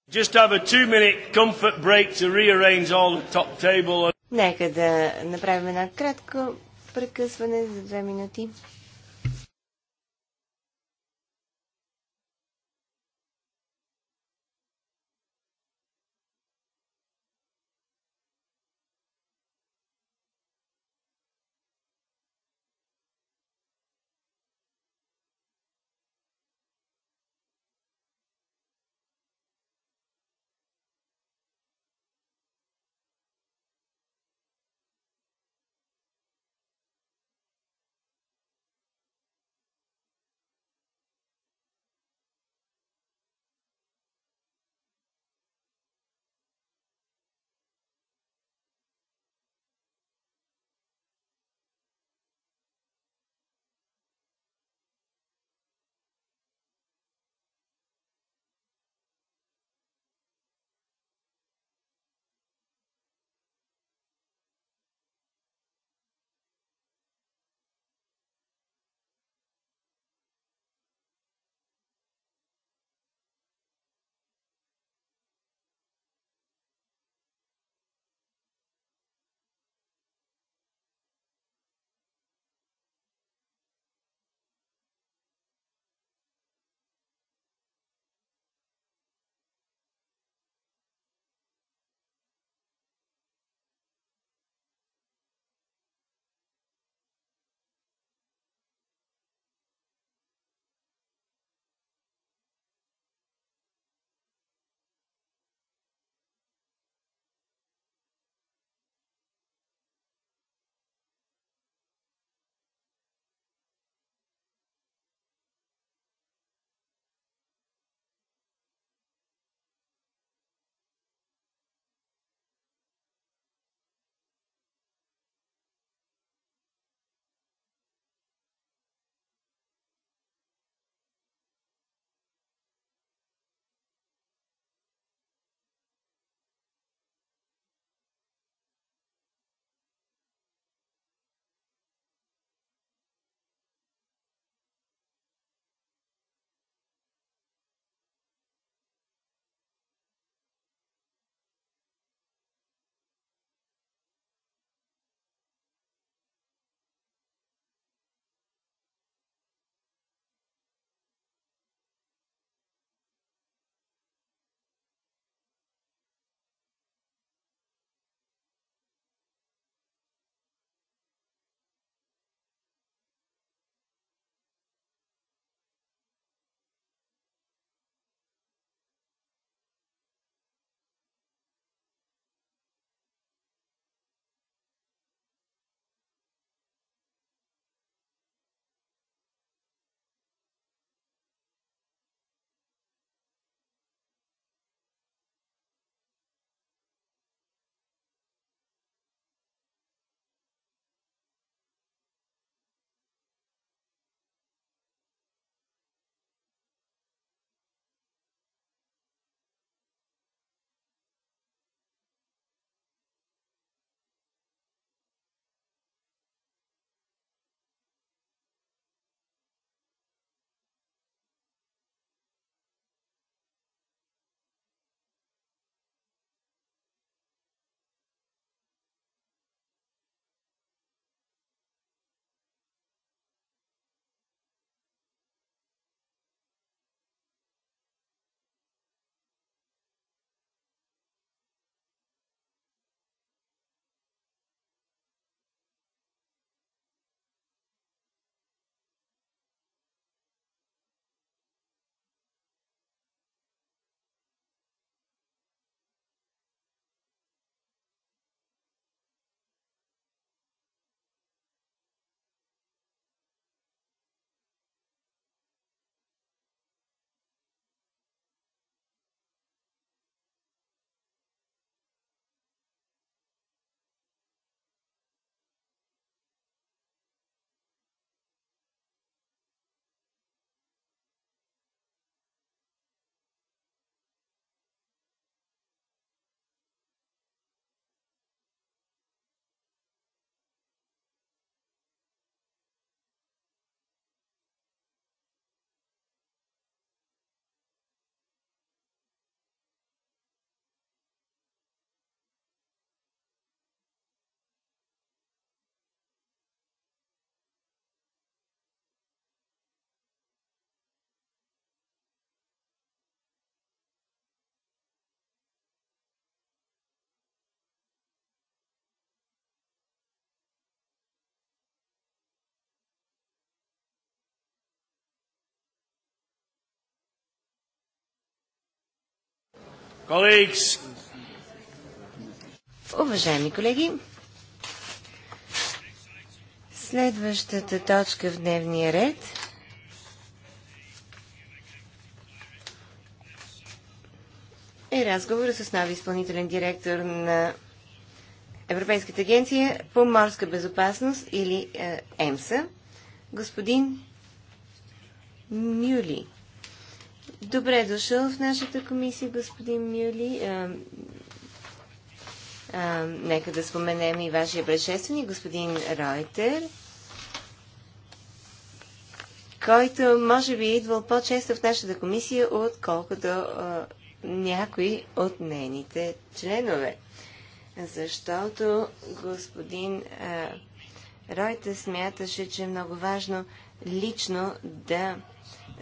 A: Just have a two-minute comfort break to rearrange all the top table. Нека да направим една кратко прекъсване за две минути. Colleagues. Уважаеми колеги, следващата точка в дневния ред е разговор с нови изпълнителен директор на Европейската агенция по морска безопасност или е, ЕМСА, господин Мюли. Добре дошъл в нашата комисия, господин Мюли. А, а, нека да споменем и вашия предшественик, господин Ройтер, който може би е идвал по-често в нашата комисия, отколкото а, някои от нейните членове. Защото господин а, Ройтер смяташе, че е много важно лично да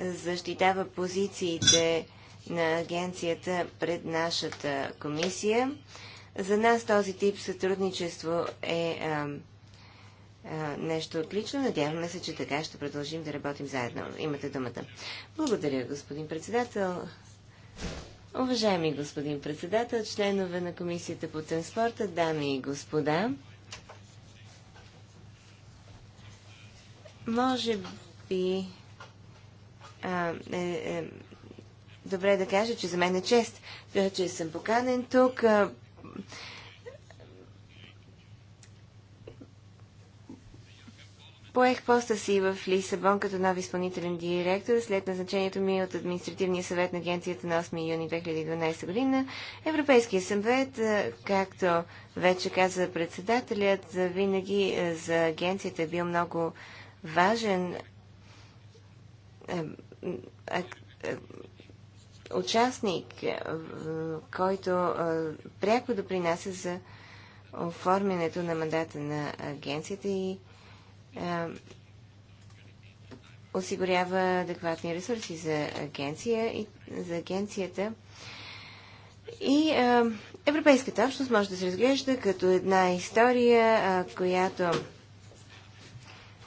A: защитава позициите на агенцията пред нашата комисия. За нас този тип сътрудничество е а, а, нещо отлично. Надяваме се, че така ще продължим да работим заедно. Имате думата. Благодаря, господин председател. Уважаеми господин председател, членове на Комисията по транспорта, дами и господа, може би а, е, е, добре да кажа, че за мен е чест, е, че съм поканен тук. А, Поех поста си в Лисабон като нов изпълнителен директор след назначението ми от Административния съвет на агенцията на 8 юни 2012 година. Европейския съвет, е, както вече каза председателят, е, винаги за агенцията е бил много важен е, участник, е, който е, пряко допринася за оформянето на мандата на агенцията и осигурява адекватни ресурси за, агенция и, за агенцията. И а, Европейската общност може да се разглежда като една история, а, която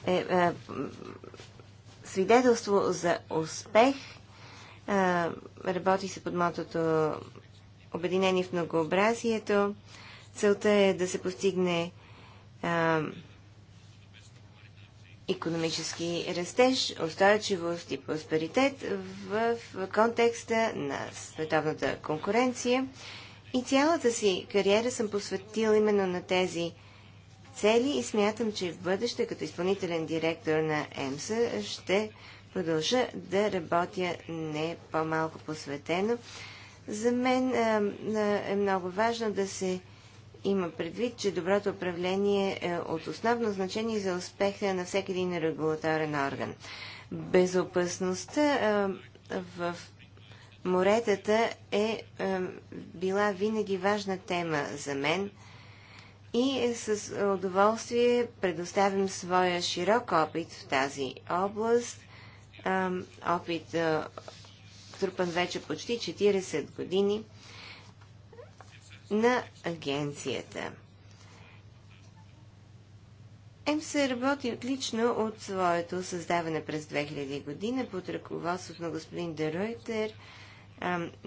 A: е а, свидетелство за успех. работи се под мотото Обединени в многообразието. Целта е да се постигне економически растеж, устойчивост и просперитет в, в контекста на световната конкуренция. И цялата си кариера съм посветил именно на тези цели и смятам, че в бъдеще като изпълнителен директор на ЕМСА ще продължа да работя не по-малко посветено. За мен е много важно да се има предвид, че доброто управление е от основно значение за успеха на всеки един регулаторен орган. Безопасността в моретата е била винаги важна тема за мен – и с удоволствие предоставям своя широк опит в тази област, опит трупан вече почти 40 години на агенцията. МС работи отлично от своето създаване през 2000 година под ръководството на господин Деройтер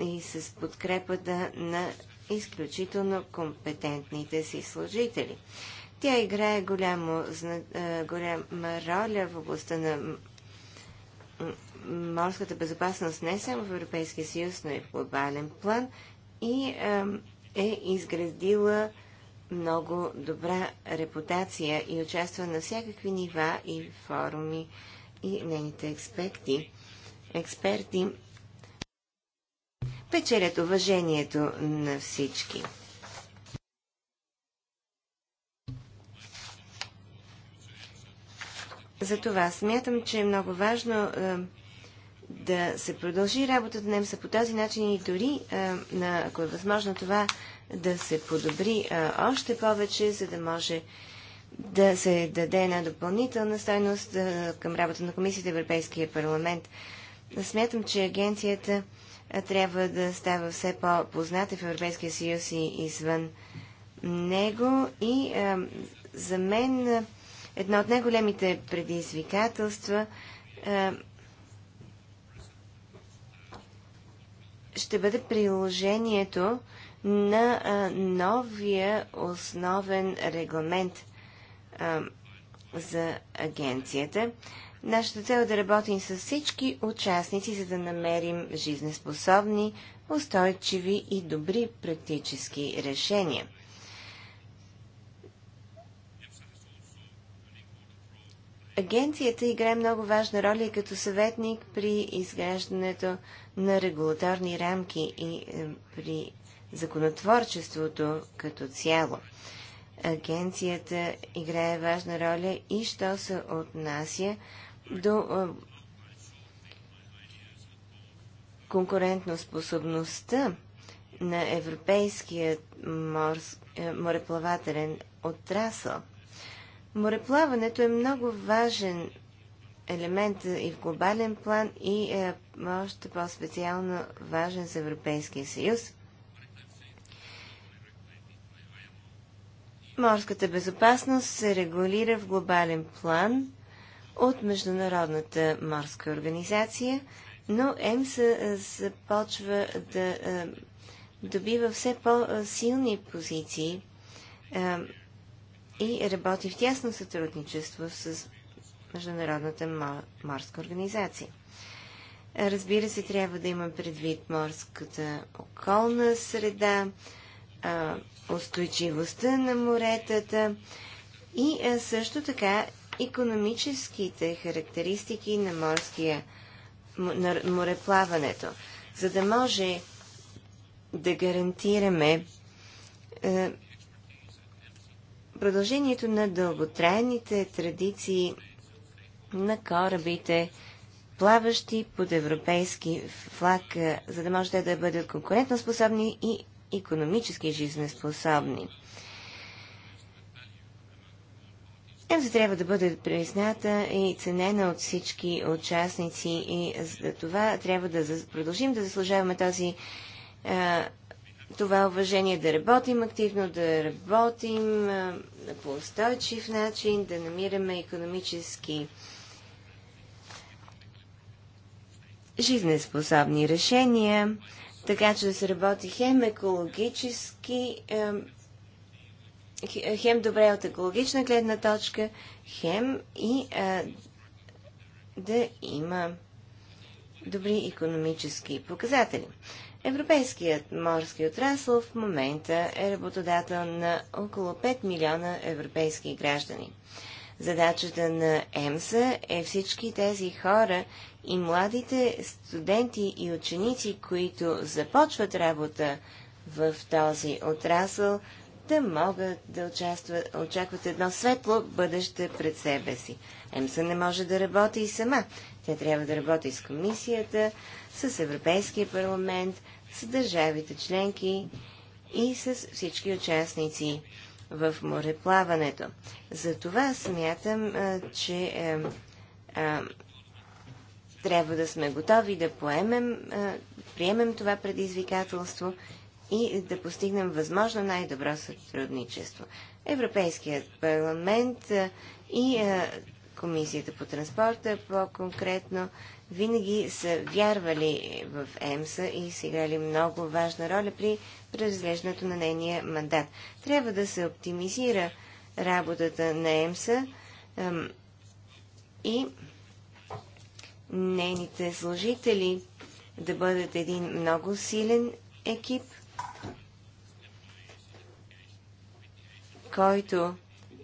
A: и с подкрепата на изключително компетентните си служители. Тя играе голямо, е, голяма роля в областта на морската безопасност не само в Европейския съюз, но и в глобален план и е, е изградила много добра репутация и участва на всякакви нива и форуми и нейните експерти. Експерти печелят уважението на всички. Затова смятам, че е много важно е, да се продължи работата на МСА по този начин и дори, е, на, ако е възможно това, да се подобри е, още повече, за да може да се даде една допълнителна стойност е, към работа на Комисията Европейския парламент. Смятам, че агенцията трябва да става все по-позната в Европейския съюз и извън него. И а, за мен едно от най-големите предизвикателства а, ще бъде приложението на а, новия основен регламент а, за агенцията. Нашата цел е да работим с всички участници, за да намерим жизнеспособни, устойчиви и добри практически решения. Агенцията играе много важна роля и като съветник при изграждането на регулаторни рамки и е, при законотворчеството като цяло. Агенцията играе важна роля и що се отнася до а, конкурентоспособността на европейския морс, е, мореплавателен отрасъл. Мореплаването е много важен елемент и в глобален план и е още по-специално важен за Европейския съюз. Морската безопасност се регулира в глобален план от Международната морска организация, но ЕМСА е, започва да е, добива все по-силни позиции е, и работи в тясно сътрудничество с Международната морска организация. Разбира се, трябва да има предвид морската околна среда, устойчивостта на моретата и също така економическите характеристики на морския на мореплаването, за да може да гарантираме е, продължението на дълготрайните традиции на корабите, плаващи под европейски флаг, е, за да може да бъдат конкурентоспособни и економически жизнеспособни. Темата трябва да бъде призната и ценена от всички участници и за това трябва да продължим да заслужаваме този, това уважение, да работим активно, да работим по устойчив начин, да намираме економически жизнеспособни решения, така че да се работи хем екологически, хем добре от екологична гледна точка, хем и а, да има добри економически показатели. Европейският морски отрасъл в момента е работодател на около 5 милиона европейски граждани. Задачата на ЕМСА е всички тези хора и младите студенти и ученици, които започват работа в този отрасъл, да могат да участват, очакват едно светло бъдеще пред себе си. ЕМСА не може да работи и сама. Тя трябва да работи с комисията, с Европейския парламент, с държавите членки и с всички участници в мореплаването. Затова смятам, че а, а, трябва да сме готови да поемем, а, приемем това предизвикателство и да постигнем възможно най-добро сътрудничество. Европейският парламент и Комисията по транспорта по-конкретно винаги са вярвали в ЕМСА и са играли много важна роля при преразглеждането на нейния мандат. Трябва да се оптимизира работата на ЕМСА и нейните служители да бъдат един много силен екип, който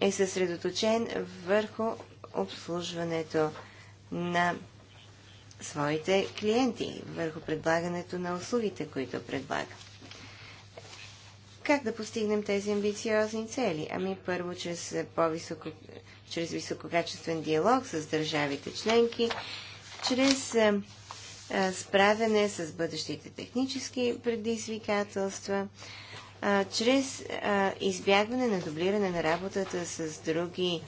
A: е съсредоточен върху обслужването на своите клиенти, върху предлагането на услугите, които предлага. Как да постигнем тези амбициозни цели? Ами първо чрез, по-високо, чрез висококачествен диалог с държавите членки, чрез справяне с бъдещите технически предизвикателства, а, чрез а, избягване на дублиране на работата с други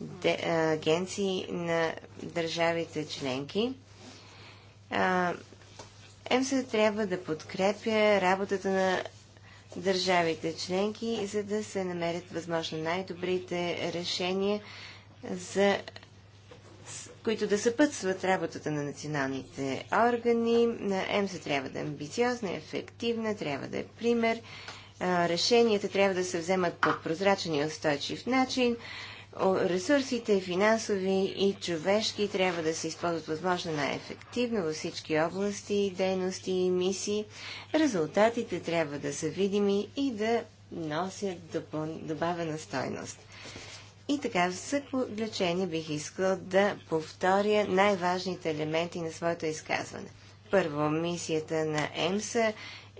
A: де, а, агенции на държавите членки. ЕМСА трябва да подкрепя работата на държавите членки, за да се намерят възможно най-добрите решения за които да съпътстват работата на националните органи. ЕМСа трябва да е амбициозна, ефективна, трябва да е пример решенията трябва да се вземат по прозрачен и устойчив начин. Ресурсите, финансови и човешки, трябва да се използват възможно най-ефективно във всички области, дейности и мисии. Резултатите трябва да са видими и да носят допъл... добавена стойност. И така, в заключение бих искал да повторя най-важните елементи на своето изказване. Първо, мисията на ЕМСА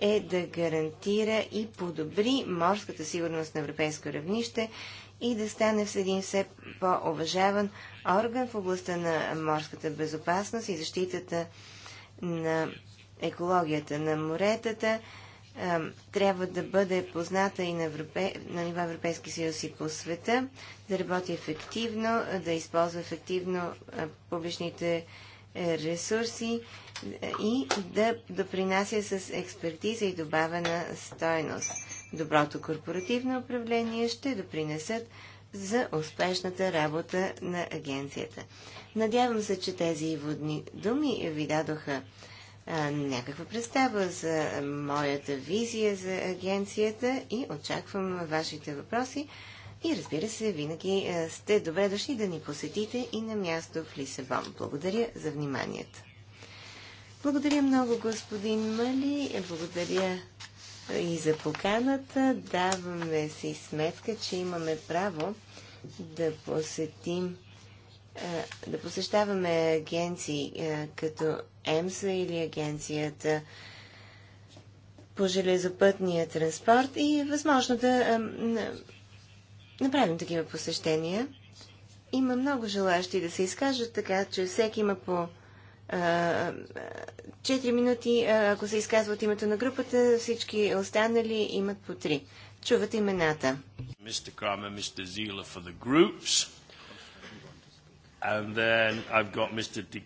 A: е да гарантира и подобри морската сигурност на европейско равнище и да стане в един все по-уважаван орган в областта на морската безопасност и защитата на екологията на моретата. трябва да бъде позната и на, Европе... на ниво Европейски съюз и по света, да работи ефективно, да използва ефективно публичните е, ресурси е, и да допринася с експертиза и добавена стойност. Доброто корпоративно управление ще допринесат за успешната работа на агенцията. Надявам се, че тези водни думи ви дадоха а, някаква представа за моята визия за агенцията и очаквам вашите въпроси. И разбира се, винаги е, сте добре дошли да ни посетите и на място в Лисабон. Благодаря за вниманието. Благодаря много, господин Мали. Благодаря е, и за поканата. Даваме си сметка, че имаме право да посетим е, да посещаваме агенции като ЕМСА или агенцията по железопътния транспорт и е възможно да направим такива посещения. Има много желащи да се изкажат, така че всеки има по а, 4 минути, ако се изказва от името на групата, всички останали имат по 3. Чувате имената. Mr. Kramer, Mr. Zila for the groups. And then I've got Mr. De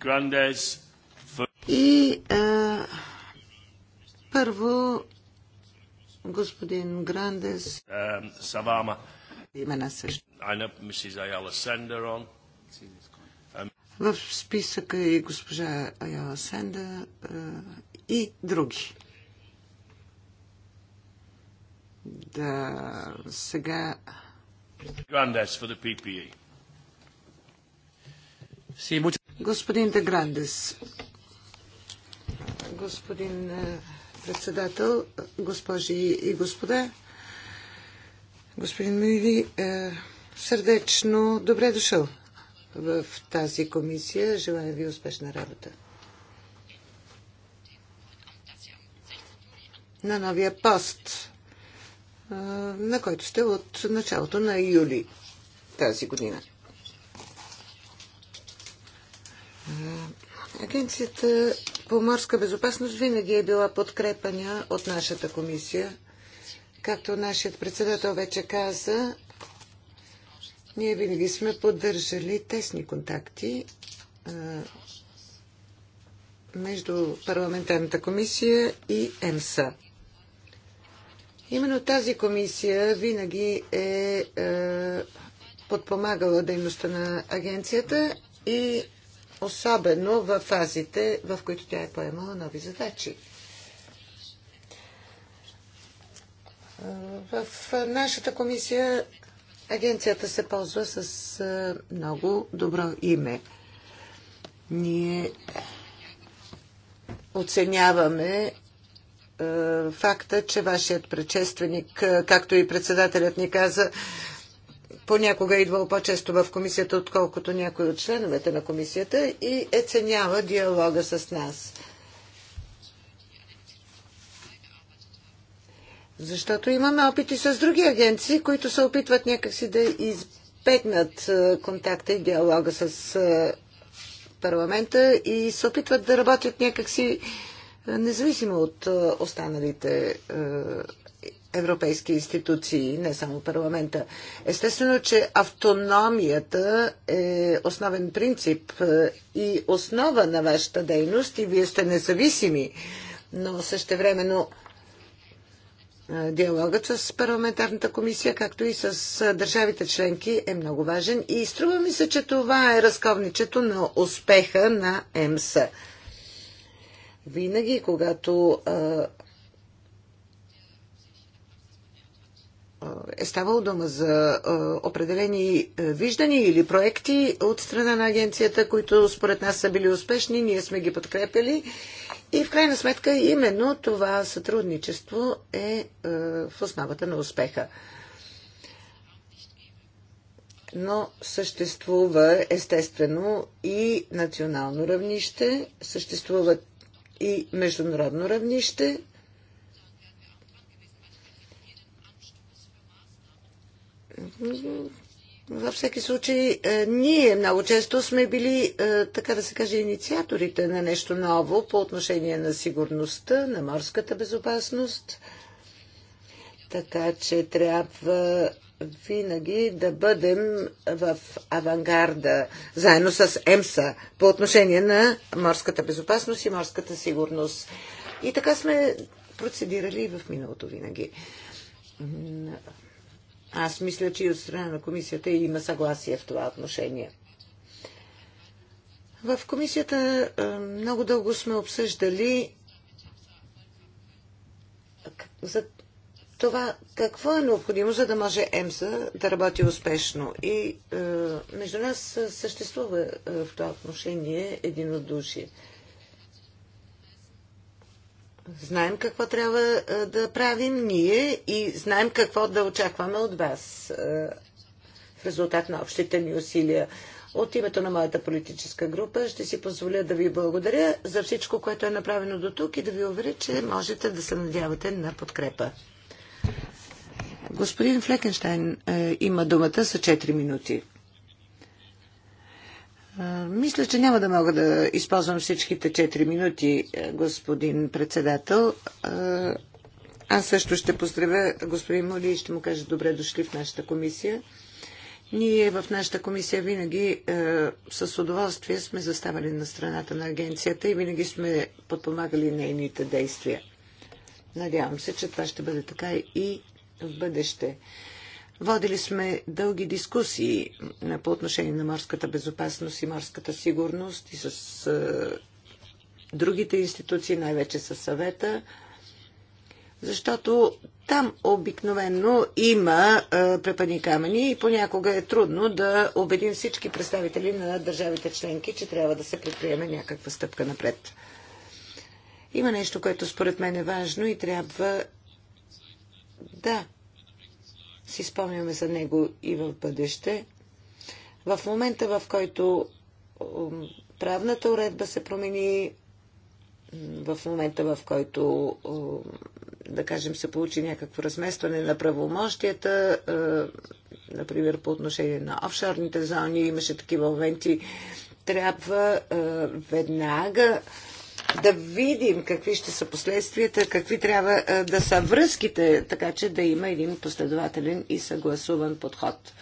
A: For...
C: И а, първо господин Грандес. Савама. Um, имена също. Um, В списъка е и госпожа Айала Сенда и други. Да, сега... Грандес for the PPE. Господин Де Грандес, господин председател, госпожи и господа, Господин Мили, е, сърдечно добре дошъл в тази комисия. Желая ви успешна работа. На новия пост, е, на който сте от началото на юли тази година. Е, Агенцията по морска безопасност винаги е била подкрепана от нашата комисия Както нашият председател вече каза, ние винаги сме поддържали тесни контакти а, между парламентарната комисия и ЕМСА. Именно тази комисия винаги е, е подпомагала дейността на агенцията и особено в фазите, в които тя е поемала нови задачи. В нашата комисия агенцията се ползва с много добро име. Ние оценяваме факта, че вашият предшественик, както и председателят ни каза, понякога е идвал по-често в комисията, отколкото някой от членовете на комисията и е ценява диалога с нас. Защото имаме опити с други агенции, които се опитват някакси да избегнат е, контакта и диалога с е, парламента и се опитват да работят някакси е, независимо от останалите европейски институции, не само парламента. Естествено, че автономията е основен принцип и основа на вашата дейност и вие сте независими, но същевременно времено диалогът с парламентарната комисия, както и с държавите членки е много важен и струва ми се, че това е разковничето на успеха на МС. Винаги, когато а, е ставало дума за е, определени е, виждания или проекти от страна на агенцията, които според нас са били успешни, ние сме ги подкрепили и в крайна сметка именно това сътрудничество е, е в основата на успеха. Но съществува естествено и национално равнище, съществува и международно равнище, Във всеки случай, е, ние много често сме били, е, така да се каже, инициаторите на нещо ново по отношение на сигурността, на морската безопасност. Така че трябва винаги да бъдем в авангарда, заедно с ЕМСА, по отношение на морската безопасност и морската сигурност. И така сме процедирали и в миналото винаги. Аз мисля, че и от страна на комисията има съгласие в това отношение. В комисията много дълго сме обсъждали за това какво е необходимо, за да може ЕМСА да работи успешно. И е, между нас съществува е, в това отношение единодушие. души знаем какво трябва да правим ние и знаем какво да очакваме от вас в резултат на общите ни усилия. От името на моята политическа група ще си позволя да ви благодаря за всичко, което е направено до тук и да ви уверя, че можете да се надявате на подкрепа. Господин Флекенштайн е, има думата за 4 минути. Мисля, че няма да мога да използвам всичките 4 минути, е, господин председател. Аз също ще поздравя господин Моли и ще му кажа добре дошли в нашата комисия. Ние в нашата комисия винаги е, с удоволствие сме заставали на страната на агенцията и винаги сме подпомагали нейните действия. Надявам се, че това ще бъде така и в бъдеще. Водили сме дълги дискусии по отношение на морската безопасност и морската сигурност и с е, другите институции, най-вече с съвета, защото там обикновено има е, препани камъни и понякога е трудно да убедим всички представители на държавите членки, че трябва да се предприеме някаква стъпка напред. Има нещо, което според мен е важно и трябва да си спомняме за него и в бъдеще. В момента, в който правната уредба се промени, в момента, в който, да кажем, се получи някакво разместване на правомощията, е, например по отношение на офшорните зони, имаше такива моменти, трябва е, веднага да видим какви ще са последствията, какви трябва да са връзките, така че да има един последователен и съгласуван подход.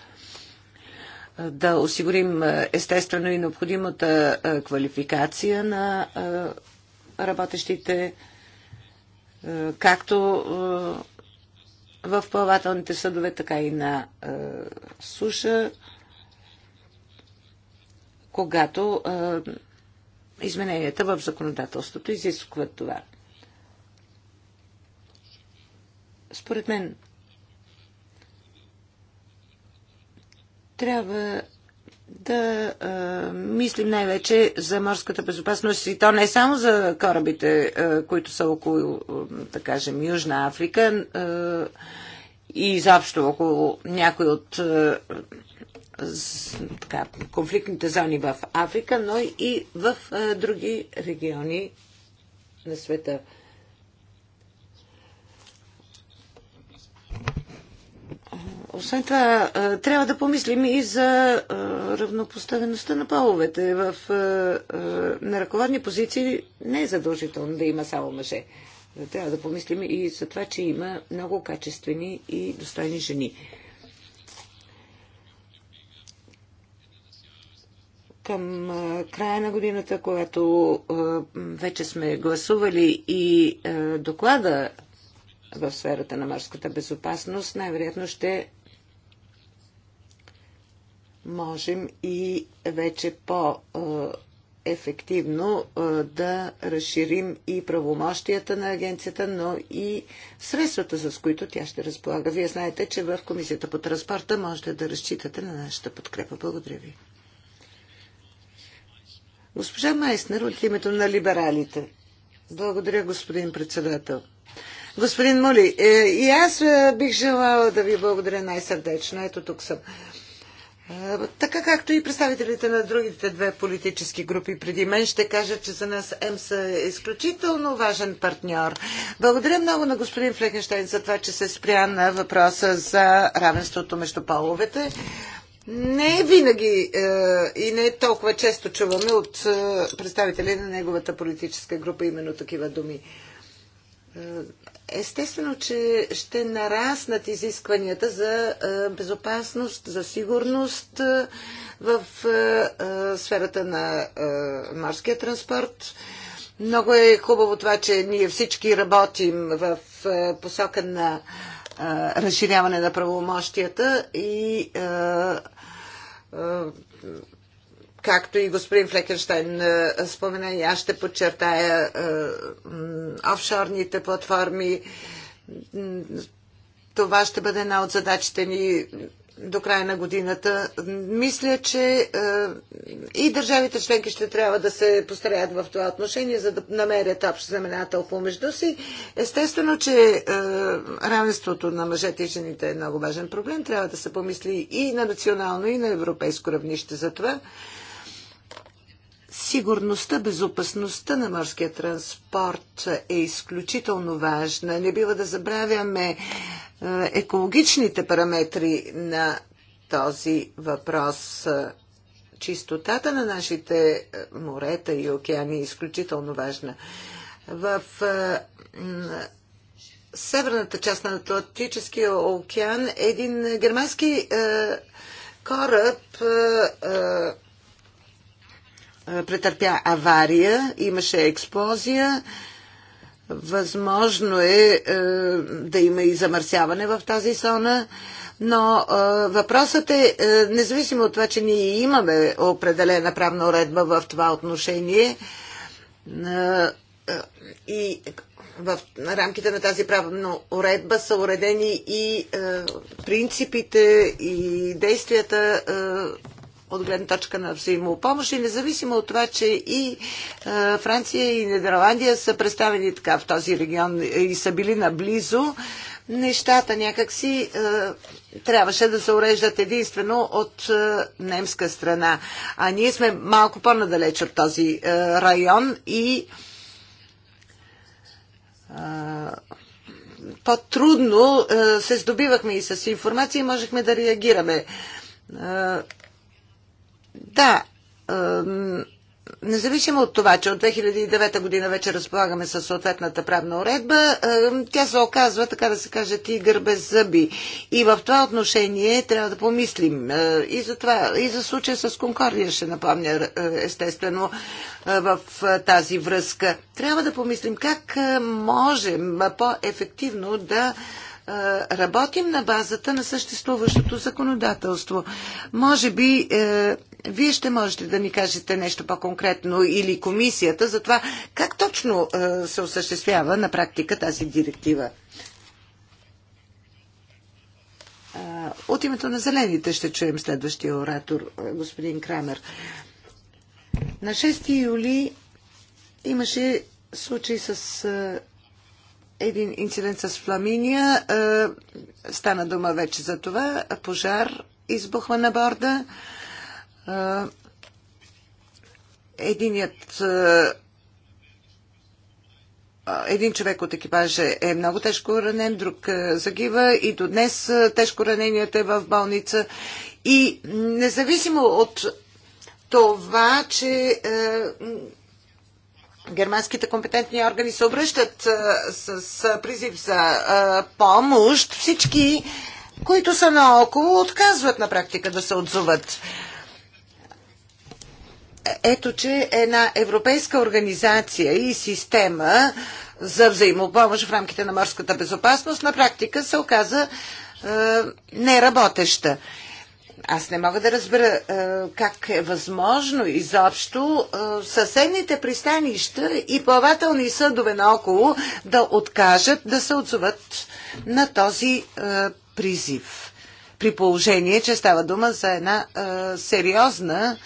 C: Да осигурим естествено и необходимата квалификация на работещите, както в плавателните съдове, така и на суша, когато измененията в законодателството изискват това. Според мен трябва да а, мислим най-вече за морската безопасност и то не само за корабите, а, които са около, да кажем, Южна Африка а, и изобщо около някои от а, така, конфликтните зони в Африка, но и в а, други региони на света. Освен това, трябва да помислим и за равнопоставеността на половете. В, на ръководни позиции не е задължително да има само мъже. Трябва да помислим и за това, че има много качествени и достойни жени. към края на годината, когато вече сме гласували и доклада в сферата на морската безопасност, най-вероятно ще можем и вече по-ефективно да разширим и правомощията на агенцията, но и средствата, с които тя ще разполага. Вие знаете, че в Комисията по транспорта можете да разчитате на нашата подкрепа. Благодаря ви. Госпожа Майснер от името на либералите. Благодаря, господин председател. Господин Моли, е, и аз е, бих желала да ви благодаря най-сърдечно. Ето тук съм. Е, така както и представителите на другите две политически групи преди мен ще кажат, че за нас ЕМС е изключително важен партньор. Благодаря много на господин Флекенштайн за това, че се спря на въпроса за равенството между половете не е винаги е, и не е толкова често чуваме от е, представители на неговата политическа група именно такива думи. Е, естествено, че ще нараснат изискванията за безопасност, за сигурност в сферата на морския транспорт. Много е хубаво това, че ние всички работим в посока на разширяване на правомощията и както и господин Флекенштайн спомена, и аз ще подчертая офшорните платформи. Това ще бъде една от задачите ни до края на годината. Мисля, че е, и държавите членки ще трябва да се постараят в това отношение, за да намерят общ знаменател помежду си. Естествено, че е, равенството на мъжете и жените е много важен проблем. Трябва да се помисли и на национално, и на европейско равнище за това. Сигурността, безопасността на морския транспорт е изключително важна. Не бива да забравяме е, екологичните параметри на този въпрос. Чистотата на нашите е, морета и океани е изключително важна. В е, северната част на Атлантическия океан един германски кораб претърпя авария, имаше експлозия. Възможно е, е да има и замърсяване в тази зона, но е, въпросът е, е, независимо от това, че ние имаме определена правна уредба в това отношение е, е, и в рамките на тази правна уредба са уредени и е, принципите и действията от гледна точка на взаимопомощ и независимо от това, че и Франция и Нидерландия са представени така в този регион и са били наблизо, нещата някакси трябваше да се уреждат единствено от немска страна. А ние сме малко по-надалеч от този район и по-трудно се здобивахме и с информация и можехме да реагираме. Да, независимо от това, че от 2009 година вече разполагаме със съответната правна уредба, тя се оказва, така да се каже, тигър без зъби. И в това отношение трябва да помислим. И за, това, и за случая с Конкордия ще напомня, естествено, в тази връзка. Трябва да помислим как можем по-ефективно да работим на базата на съществуващото законодателство. Може би е, вие ще можете да ни кажете нещо по-конкретно или комисията за това как точно е, се осъществява на практика тази директива. От името на зелените ще чуем следващия оратор, е, господин Крамер. На 6 юли имаше случай с е, един инцидент с Фламиния. Е, стана дума вече за това. Пожар избухва на борда. Е, единият е, един човек от екипажа е много тежко ранен, друг загива и до днес тежко ранението е в болница. И независимо от това, че германските компетентни органи се обръщат с, а, призив за помощ, всички, които са наоколо, отказват на практика да се отзуват. Ето, че една европейска организация и система за взаимопомощ в рамките на морската безопасност на практика се оказа е, неработеща. Аз не мога да разбера е, как е възможно изобщо е, съседните пристанища и плавателни съдове наоколо да откажат да се отзоват на този е, призив. При положение, че става дума за една сериозна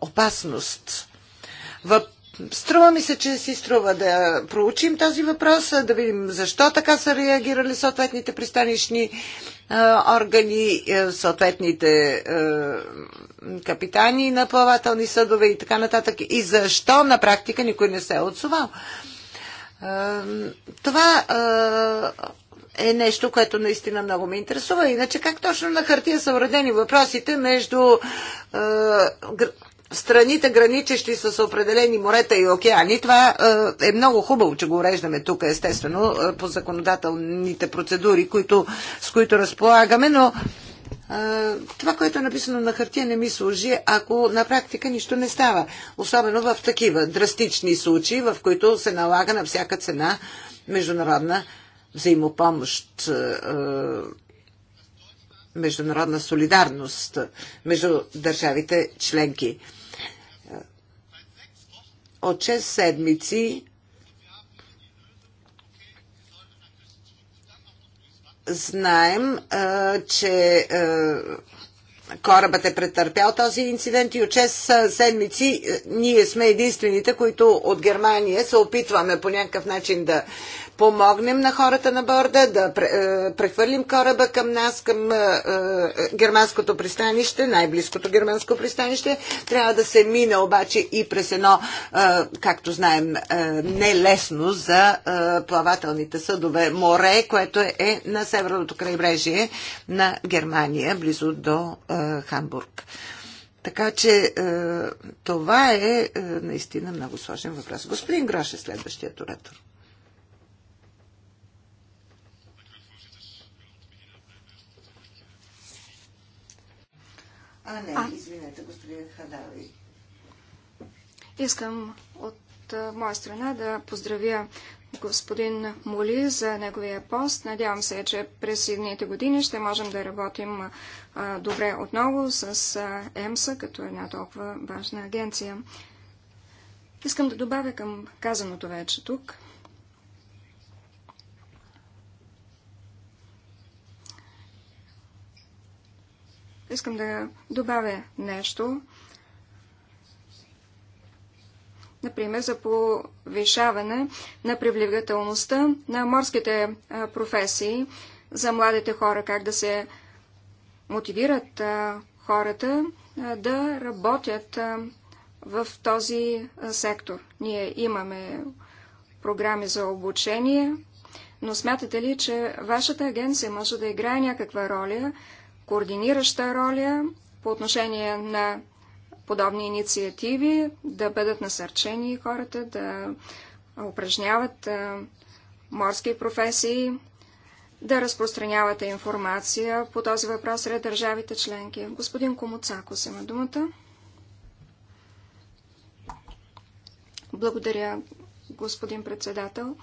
C: опасност. В... Струва ми се, че си струва да проучим този въпрос, да видим защо така са реагирали съответните пристанищни органи, съответните капитани на плавателни съдове и така нататък. И защо на практика никой не се е отсувал? Това е нещо, което наистина много ме интересува. Иначе как точно на хартия са уредени въпросите между страните, граничещи с определени морета и океани. Това е, е много хубаво, че го уреждаме тук, естествено, е, по законодателните процедури, които, с които разполагаме, но е, това, което е написано на хартия, не ми служи, ако на практика нищо не става. Особено в такива драстични случаи, в които се налага на всяка цена международна взаимопомощ, международна солидарност между държавите членки от 6 седмици знаем, че корабът е претърпял този инцидент и от 6 седмици ние сме единствените, които от Германия се опитваме по някакъв начин да помогнем на хората на борда да е, прехвърлим кораба към нас, към е, е, германското пристанище, най-близкото германско пристанище. Трябва да се мине обаче и през едно, както знаем, нелесно за плавателните съдове море, което е на северното крайбрежие на Германия, близо до Хамбург. Така че е, това е, е наистина много сложен въпрос. Господин Грош е следващият оратор. А, не, а. извинете, господин Хадави.
B: Искам от а, моя страна да поздравя господин Моли за неговия пост. Надявам се, че през едните години ще можем да работим а, добре отново с а, ЕМСА, като една толкова важна агенция. Искам да добавя към казаното вече тук – Искам да добавя нещо. Например, за повишаване на привлекателността на морските професии за младите хора, как да се мотивират хората да работят в този сектор. Ние имаме програми за обучение, но смятате ли, че вашата агенция може да играе някаква роля, координираща роля по отношение на подобни инициативи, да бъдат насърчени хората да упражняват морски професии, да разпространявате информация по този въпрос сред държавите членки. Господин Комуцако се има думата. Благодаря, господин председател.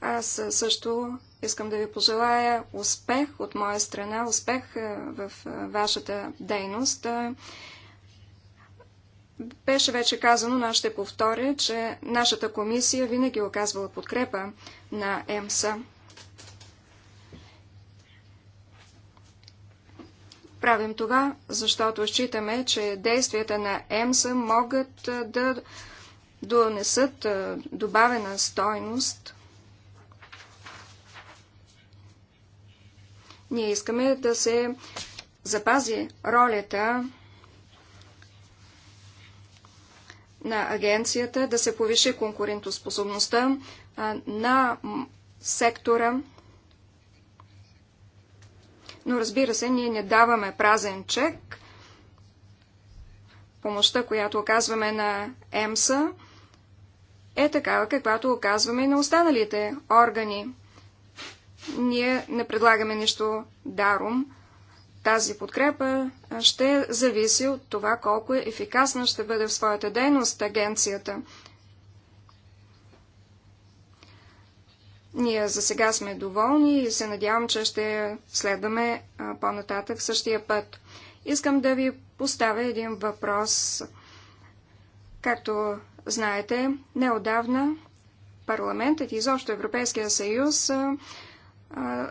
B: Аз също Искам да ви пожелая успех от моя страна, успех е, в е, вашата дейност. Е, беше вече казано, но аз ще повторя, че нашата комисия винаги оказвала подкрепа на ЕМСА. Правим това, защото считаме, че действията на ЕМСА могат да донесат добавена стойност Ние искаме да се запази ролята на агенцията, да се повиши конкурентоспособността на сектора. Но разбира се, ние не даваме празен чек. Помощта, която оказваме на ЕМСА, е такава, каквато оказваме и на останалите органи. Ние не предлагаме нищо даром. Тази подкрепа ще зависи от това колко е ефикасна ще бъде в своята дейност агенцията. Ние за сега сме доволни и се надявам, че ще следваме по-нататък същия път. Искам да ви поставя един въпрос. Както знаете, неодавна парламентът и изобщо Европейския съюз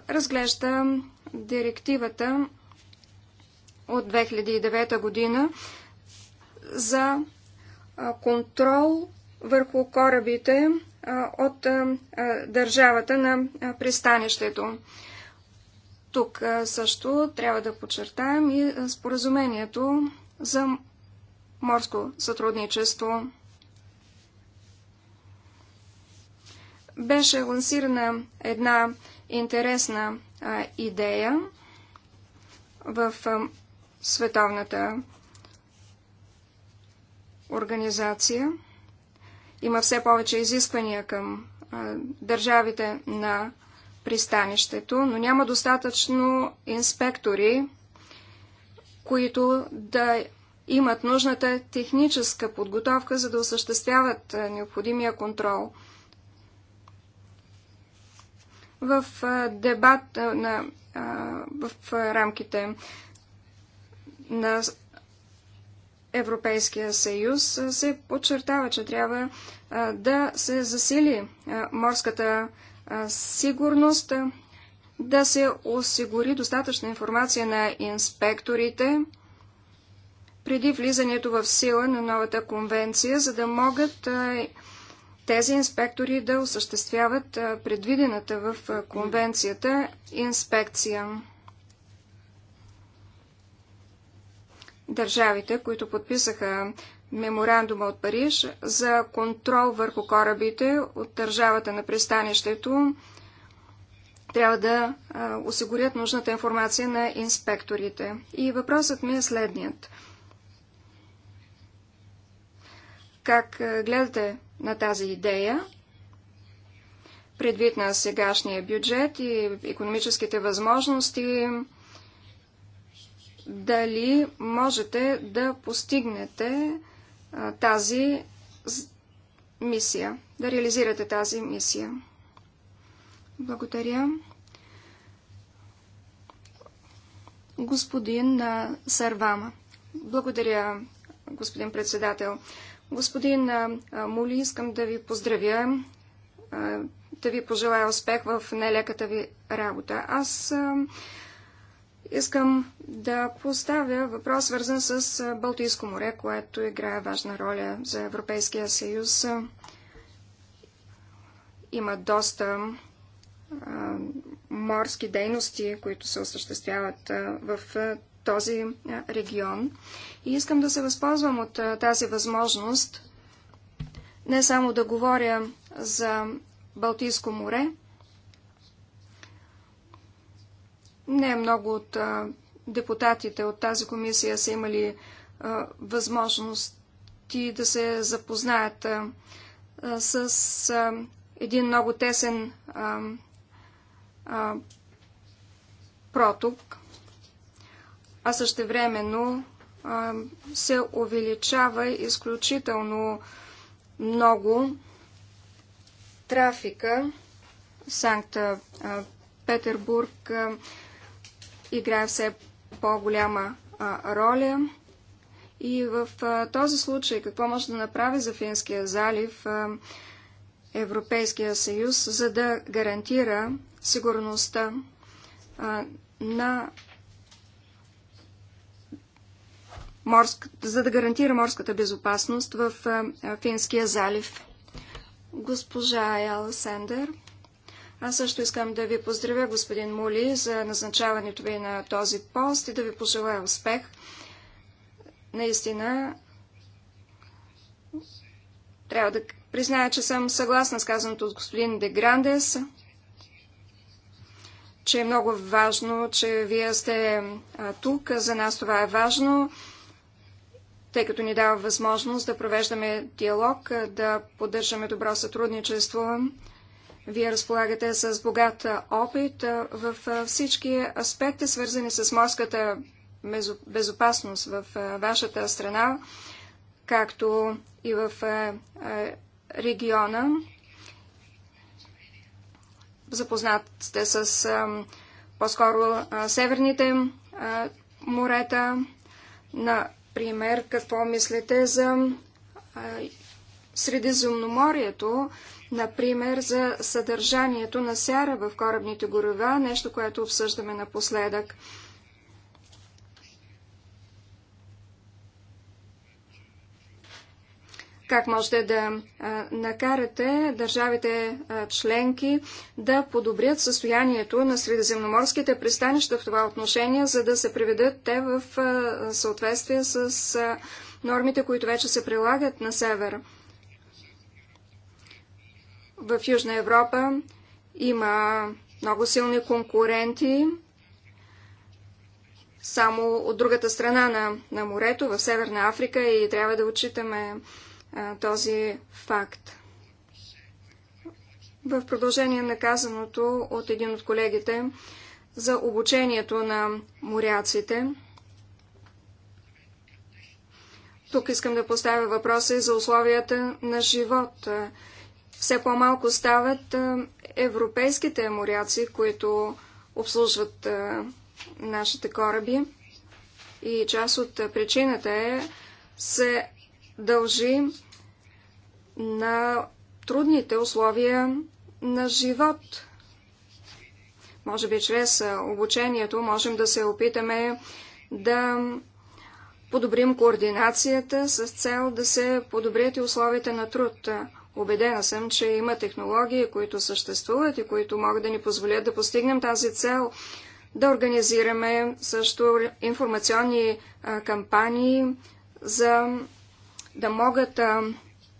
B: разглежда директивата от 2009 година за контрол върху корабите от държавата на пристанището. Тук също трябва да подчертаем и споразумението за морско сътрудничество. Беше лансирана една интересна а, идея в а, световната организация. Има все повече изисквания към а, държавите на пристанището, но няма достатъчно инспектори, които да имат нужната техническа подготовка, за да осъществяват необходимия контрол – в дебат на, в рамките на Европейския съюз се подчертава, че трябва да се засили морската сигурност, да се осигури достатъчна информация на инспекторите преди влизането в сила на новата конвенция, за да могат тези инспектори да осъществяват предвидената в конвенцията инспекция. Държавите, които подписаха меморандума от Париж за контрол върху корабите от държавата на пристанището, трябва да осигурят нужната информация на инспекторите. И въпросът ми е следният. Как гледате на тази идея, предвид на сегашния бюджет и економическите възможности, дали можете да постигнете тази мисия, да реализирате тази мисия. Благодаря. Господин Сарвама. Благодаря, господин председател. Господин Моли, искам да ви поздравя, да ви пожелая успех в нелеката ви работа. Аз искам да поставя въпрос, свързан с Балтийско море, което играе важна роля за Европейския съюз. Има доста морски дейности, които се осъществяват в този регион. И искам да се възползвам от тази възможност не само да говоря за Балтийско море. Не много от депутатите от тази комисия са имали възможности да се запознаят с един много тесен проток, а също времено се увеличава изключително много трафика. Санкта Петербург играе все по-голяма роля. И в този случай какво може да направи за Финския залив Европейския съюз, за да гарантира сигурността на морск... за да гарантира морската безопасност в Финския залив. Госпожа Ел Сендер. Аз също искам да ви поздравя, господин Мули, за назначаването ви на този пост и да ви пожелая успех. Наистина, трябва да призная, че съм съгласна с казаното от господин Деграндес. че е много важно, че вие сте тук. За нас това е важно тъй като ни дава възможност да провеждаме диалог, да поддържаме добро сътрудничество. Вие разполагате с богат опит в всички аспекти, свързани с морската безопасност в вашата страна, както и в региона. Запознат сте с по-скоро северните морета на Пример, какво мислите за Средиземноморието, например, за съдържанието на сяра в корабните горива, нещо, което обсъждаме напоследък. Как можете да накарате държавите членки да подобрят състоянието на средиземноморските пристанища в това отношение, за да се приведат те в съответствие с нормите, които вече се прилагат на север? В Южна Европа има много силни конкуренти само от другата страна на, на морето, в Северна Африка и трябва да отчитаме този факт. В продължение на казаното от един от колегите за обучението на моряците, тук искам да поставя въпроса и за условията на живот. Все по-малко стават европейските моряци, които обслужват нашите кораби. И част от причината е, се дължи на трудните условия на живот. Може би чрез обучението можем да се опитаме да подобрим координацията с цел да се подобрят и условията на труд. Обедена съм, че има технологии, които съществуват и които могат да ни позволят да постигнем тази цел, да организираме също информационни кампании за да могат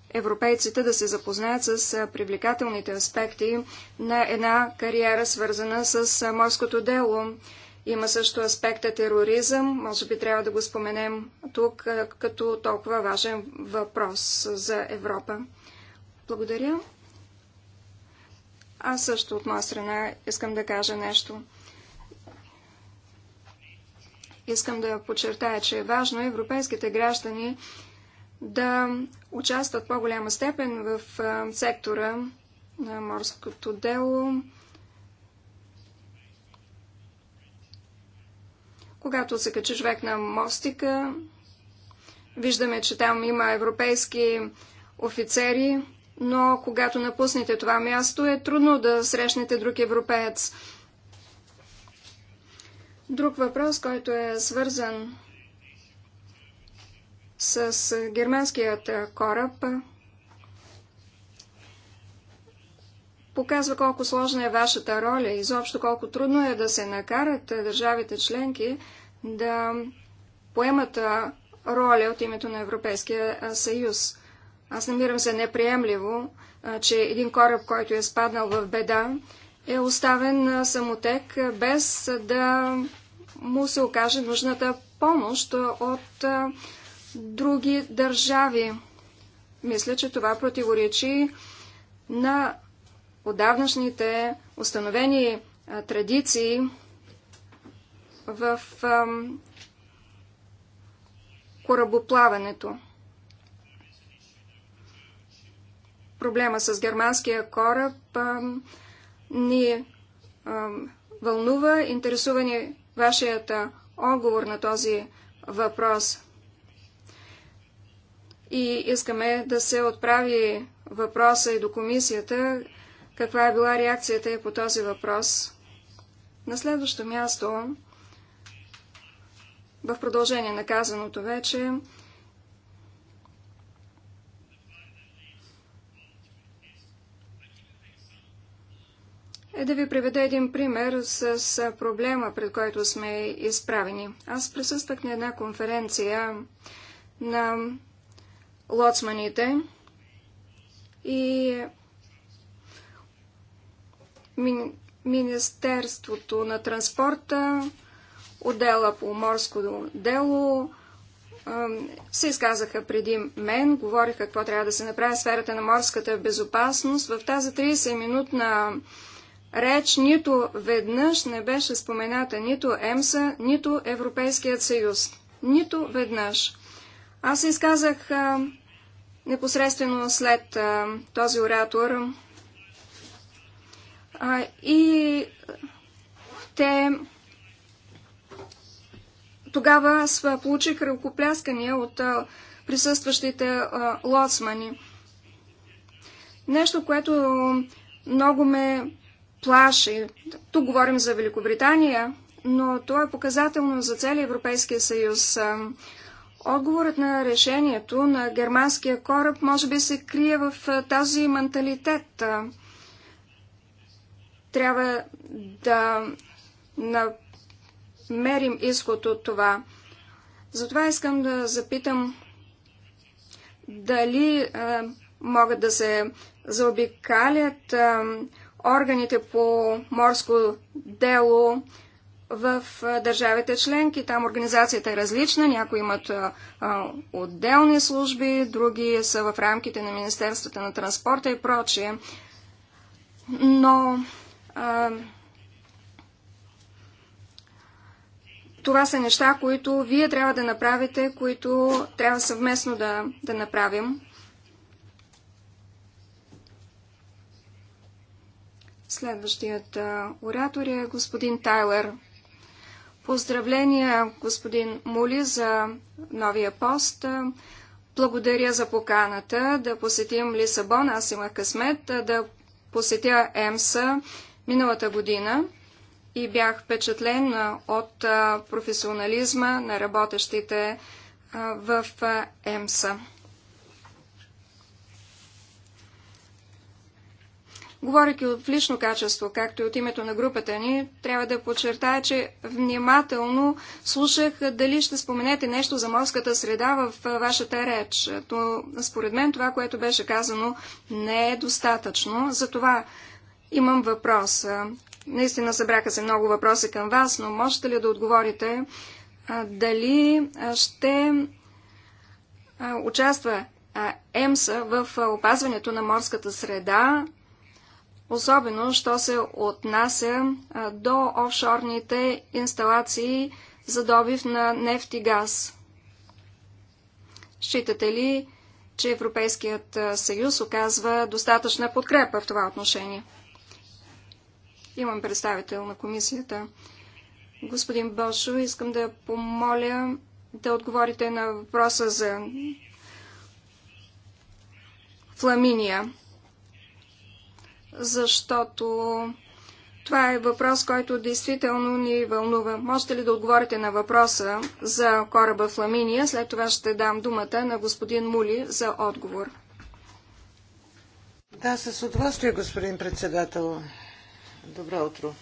B: европейците да се запознаят с привлекателните аспекти на една кариера, свързана с морското дело. Има също аспекта тероризъм, може би трябва да го споменем тук като толкова важен въпрос за Европа. Благодаря. Аз също от моя страна искам да кажа нещо. Искам да подчертая, че е важно европейските граждани да участват по-голяма степен в сектора на морското дело. Когато се качи човек на мостика, виждаме, че там има европейски офицери, но когато напуснете това място, е трудно да срещнете друг европеец. Друг въпрос, който е свързан с германският кораб показва колко сложна е вашата роля и изобщо колко трудно е да се накарат държавите членки да поемат роля от името на Европейския съюз. Аз намирам се неприемливо, че един кораб, който е спаднал в беда, е оставен самотек, без да му се окаже нужната помощ от други държави. Мисля, че това противоречи на отдавнашните установени традиции в корабоплаването. Проблема с германския кораб ни вълнува. Интересува ни вашият отговор на този въпрос и искаме да се отправи въпроса и до комисията, каква е била реакцията и по този въпрос. На следващо място, в продължение на казаното вече, е да ви приведа един пример с, с проблема, пред който сме изправени. Аз присъствах на една конференция на лоцманите и Министерството на транспорта, отдела по морско дело, се изказаха преди мен, говориха какво трябва да се направи в сферата на морската безопасност. В тази 30-минутна реч нито веднъж не беше спомената нито ЕМСА, нито Европейският съюз. Нито веднъж. Аз изказах непосредствено след а, този оратор. А, и те тогава получих ръкопляскания от а, присъстващите а, лоцмани. Нещо, което много ме плаши. Тук говорим за Великобритания, но то е показателно за целия Европейския съюз. Отговорът на решението на германския кораб може би се крие в този менталитет. Трябва да намерим изход от това. Затова искам да запитам дали могат да се заобикалят органите по морско дело в държавите членки. Там организацията е различна. Някои имат отделни служби, други са в рамките на Министерствата на транспорта и прочие. Но а, това са неща, които вие трябва да направите, които трябва съвместно да, да направим. Следващият оратор е господин Тайлер. Поздравления, господин Мули, за новия пост. Благодаря за поканата да посетим Лисабон. Аз имах късмет да посетя ЕМСА миналата година и бях впечатлен от професионализма на работещите в ЕМСА. Говоряки от лично качество, както и от името на групата ни, трябва да подчертая, че внимателно слушах дали ще споменете нещо за морската среда в вашата реч. То, според мен това, което беше казано, не е достатъчно. Затова имам въпрос. Наистина събраха се много въпроси към вас, но можете ли да отговорите дали ще участва ЕМСА в опазването на морската среда особено, що се отнася до офшорните инсталации за добив на нефт и газ. Считате ли, че Европейският съюз оказва достатъчна подкрепа в това отношение? Имам представител на комисията. Господин Бошо, искам да помоля да отговорите на въпроса за Фламиния защото това е въпрос, който действително ни вълнува. Можете ли да отговорите на въпроса за кораба Фламиния? След това ще дам думата на господин Мули за отговор. Да, с удоволствие,
C: господин председател. Добро утро.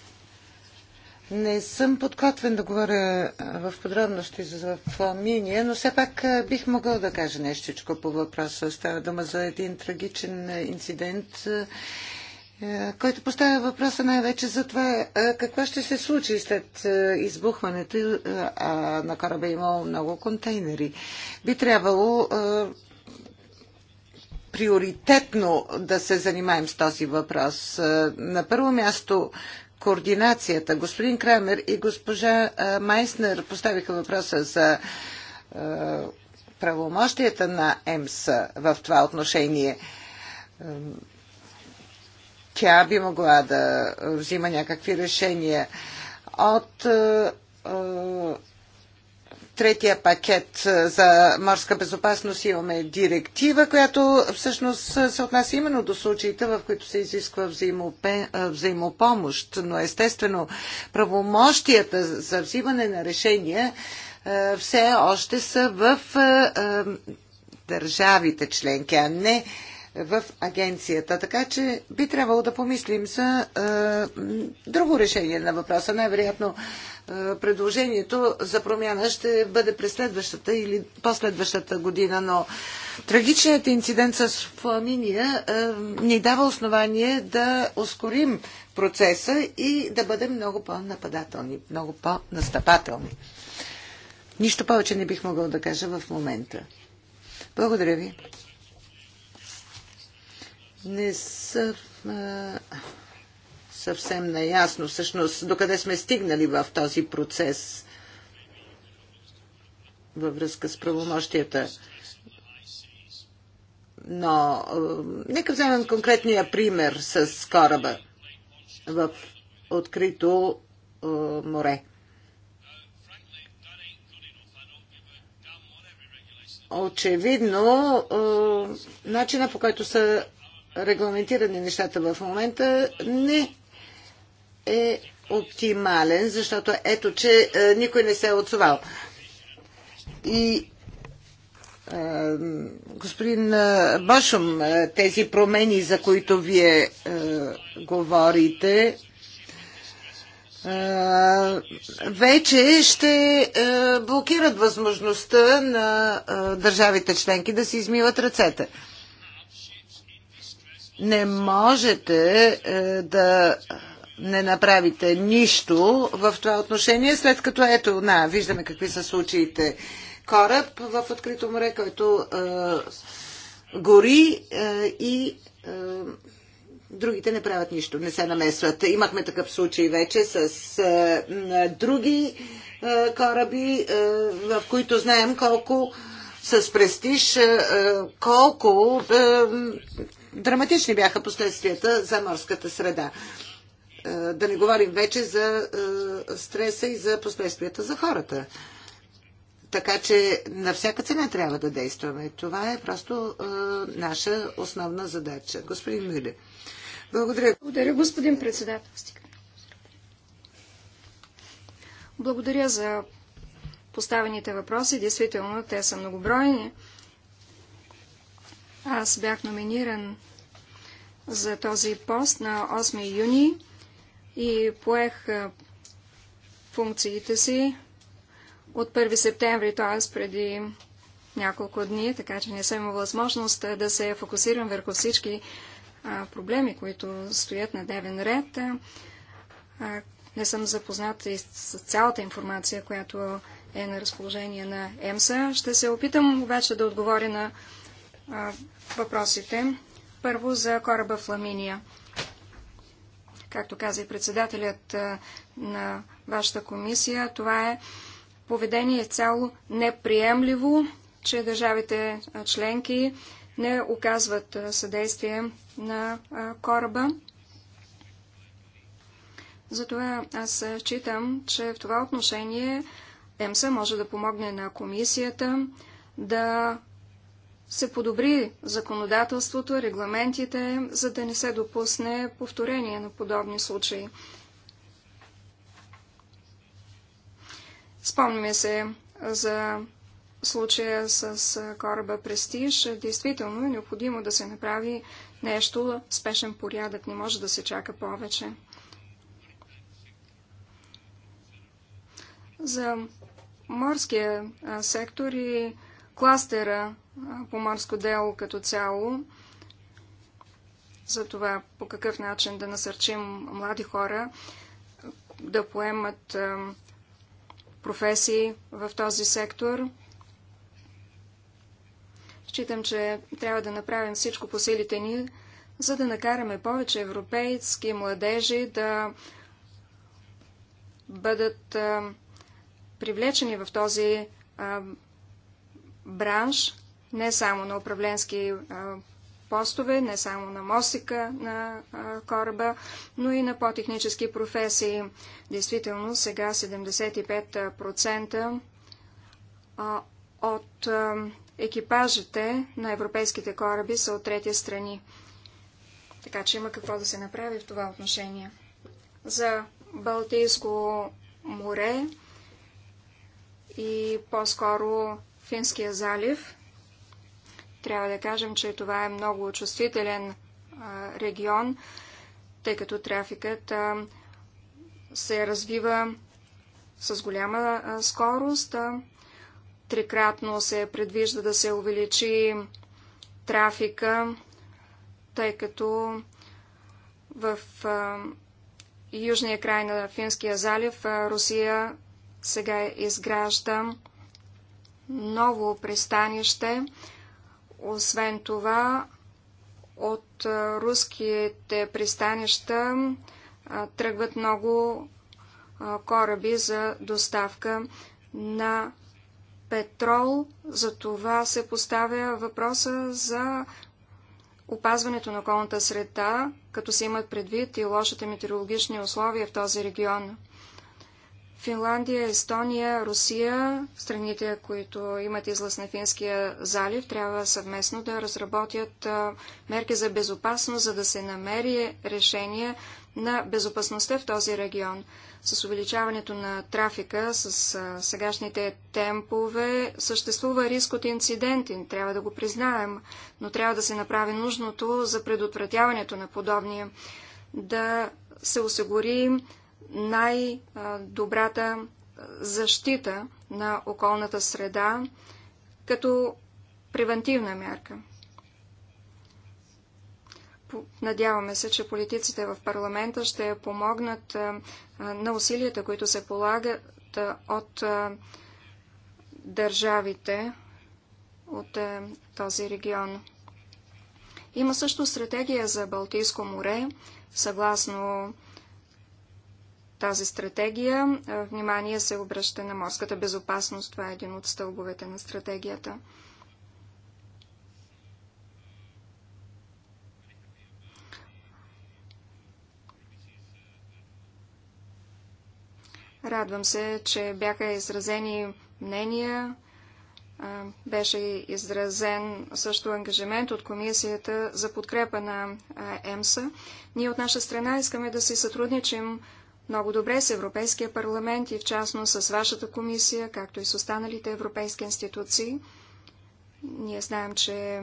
C: Не съм подготвен да говоря в подробности за Фламиния, но все пак бих могъл да кажа нещичко по въпроса. Става дума за един трагичен инцидент, е, който поставя въпроса най-вече за това е, какво ще се случи след е, избухването. А на кораба има имало много контейнери. Би трябвало приоритетно да се занимаем с този въпрос. На първо място координацията. Господин Крамер и госпожа Майснер поставиха въпроса за правомощията на ЕМС в това отношение тя би могла да взима някакви решения. От е, е, третия пакет е, за морска безопасност имаме директива, която всъщност се отнася именно до случаите, в които се изисква взаимопомощ. Но естествено правомощията за взимане на решения все още са в държавите членки, а не в агенцията. Така че би трябвало да помислим за е, друго решение на въпроса. Най-вероятно е, предложението за промяна ще бъде през следващата или последващата година, но трагичният инцидент с Фламиния е, ни дава основание да ускорим процеса и да бъдем много по-нападателни, много по-настъпателни. Нищо повече не бих могъл да кажа в момента. Благодаря ви. Не са съвсем наясно всъщност докъде сме стигнали в този процес във връзка с правомощията. Но нека вземем конкретния пример с кораба в открито море. Очевидно, начина по който са регламентирани нещата в момента, не е оптимален, защото ето, че е, никой не се е отсувал. И е, господин е, Башум, е, тези промени, за които вие е, говорите, е, вече ще блокират възможността на държавите членки да си измиват ръцете не можете е, да не направите нищо в това отношение, след като ето, на, виждаме какви са случаите. Кораб в открито море, който е, гори е, и е, другите не правят нищо, не се намесват. Имахме такъв случай вече с е, други е, кораби, е, в които знаем колко с престиж, е, е колко е, драматични бяха последствията за морската среда. Е, да не говорим вече за е, стреса и за последствията за хората. Така че на всяка цена трябва да действаме. Това е просто е, наша основна задача. Господин Мюле. Благодаря. Благодаря, господин
B: председател. Благодаря за поставените въпроси. Действително, те са многобройни. Аз бях номиниран за този пост на 8 юни и поех функциите си от 1 септември, т.е. преди няколко дни, така че не съм имал възможност да се фокусирам върху всички проблеми, които стоят на дневен ред. не съм запозната и с цялата информация, която е на разположение на ЕМСА. Ще се опитам обаче да отговоря на въпросите. Първо за кораба Фламиния. Както каза и председателят на вашата комисия, това е поведение цяло неприемливо, че държавите членки не оказват съдействие на кораба. Затова аз читам, че в това отношение ЕМСА може да помогне на комисията да се подобри законодателството, регламентите, за да не се допусне повторение на подобни случаи. Спомняме се за случая с кораба Престиж. Действително е необходимо да се направи нещо спешен порядък. Не може да се чака повече. За морския сектор и кластера по морско дело като цяло, за това по какъв начин да насърчим млади хора да поемат професии в този сектор. Считам, че трябва да направим всичко по силите ни, за да накараме повече европейски младежи да бъдат привлечени в този бранш, не само на управленски постове, не само на мостика на кораба, но и на по-технически професии. Действително, сега 75% от екипажите на европейските кораби са от трети страни. Така че има какво да се направи в това отношение. За Балтийско море и по-скоро Финския залив трябва да кажем, че това е много чувствителен регион, тъй като трафикът се развива с голяма скорост. Трикратно се предвижда да се увеличи трафика, тъй като в южния край на Финския залив Русия сега изгражда ново пристанище, освен това, от руските пристанища тръгват много кораби за доставка на петрол. За това се поставя въпроса за опазването на околната среда, като се имат предвид и лошите метеорологични условия в този регион. Финландия, Естония, Русия, страните, които имат излъз на Финския залив, трябва съвместно да разработят мерки за безопасност, за да се намери решение на безопасността в този регион. С увеличаването на трафика, с сегашните темпове, съществува риск от инциденти, трябва да го признаем, но трябва да се направи нужното за предотвратяването на подобния, да се осигури най-добрата защита на околната среда като превентивна мярка. Надяваме се, че политиците в парламента ще помогнат на усилията, които се полагат от държавите от този регион. Има също стратегия за Балтийско море, съгласно тази стратегия внимание се обръща на морската безопасност. Това е един от стълбовете на стратегията. Радвам се, че бяха изразени мнения, беше изразен също ангажимент от Комисията за подкрепа на ЕМСА. Ние от наша страна искаме да си сътрудничим много добре с Европейския парламент и в частно с вашата комисия, както и с останалите европейски институции. Ние знаем, че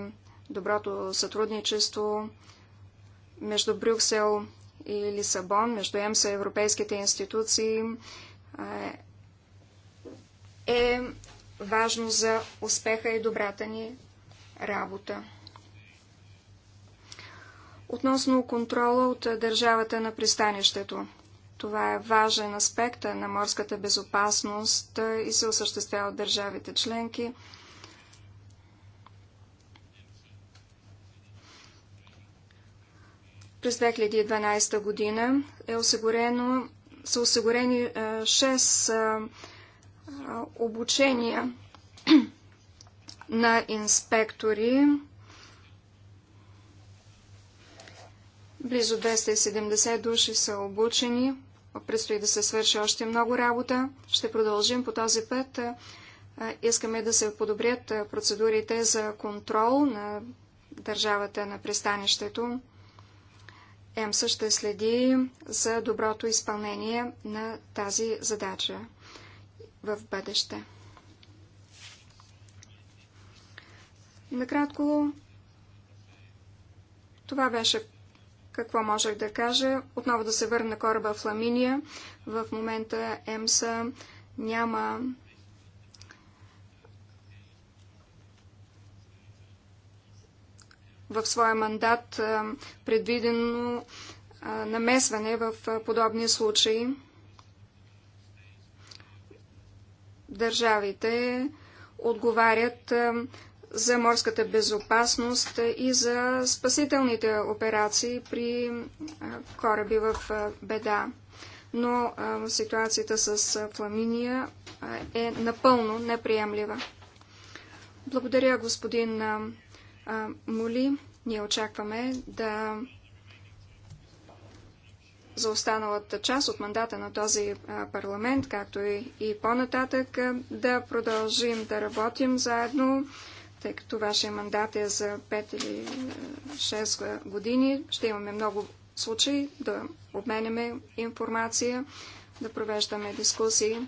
B: доброто сътрудничество между Брюксел и Лисабон, между ЕМСА и европейските институции е, е важно за успеха и добрата ни работа. Относно контрола от държавата на пристанището. Това е важен аспект на морската безопасност и се осъществява от държавите членки. През 2012 година е осигурено, са осигурени 6 е, е, е, обучения на инспектори. Близо 270 души са обучени. Предстои да се свърши още много работа. Ще продължим по този път. Искаме да се подобрят процедурите за контрол на държавата на пристанището. ЕМСА ще следи за доброто изпълнение на тази задача в бъдеще. Накратко, това беше какво можех да кажа? Отново да се върна кораба в Ламиния. В момента ЕМСА няма в своя мандат предвидено намесване в подобни случаи. Държавите отговарят за морската безопасност и за спасителните операции при кораби в беда. Но ситуацията с Фламиния е напълно неприемлива. Благодаря, господин Моли. Ние очакваме да за останалата част от мандата на този парламент, както и, и по-нататък, да продължим да работим заедно тъй като вашия е мандат е за 5 или 6 е, години. Ще имаме много случаи да обменяме информация, да провеждаме дискусии.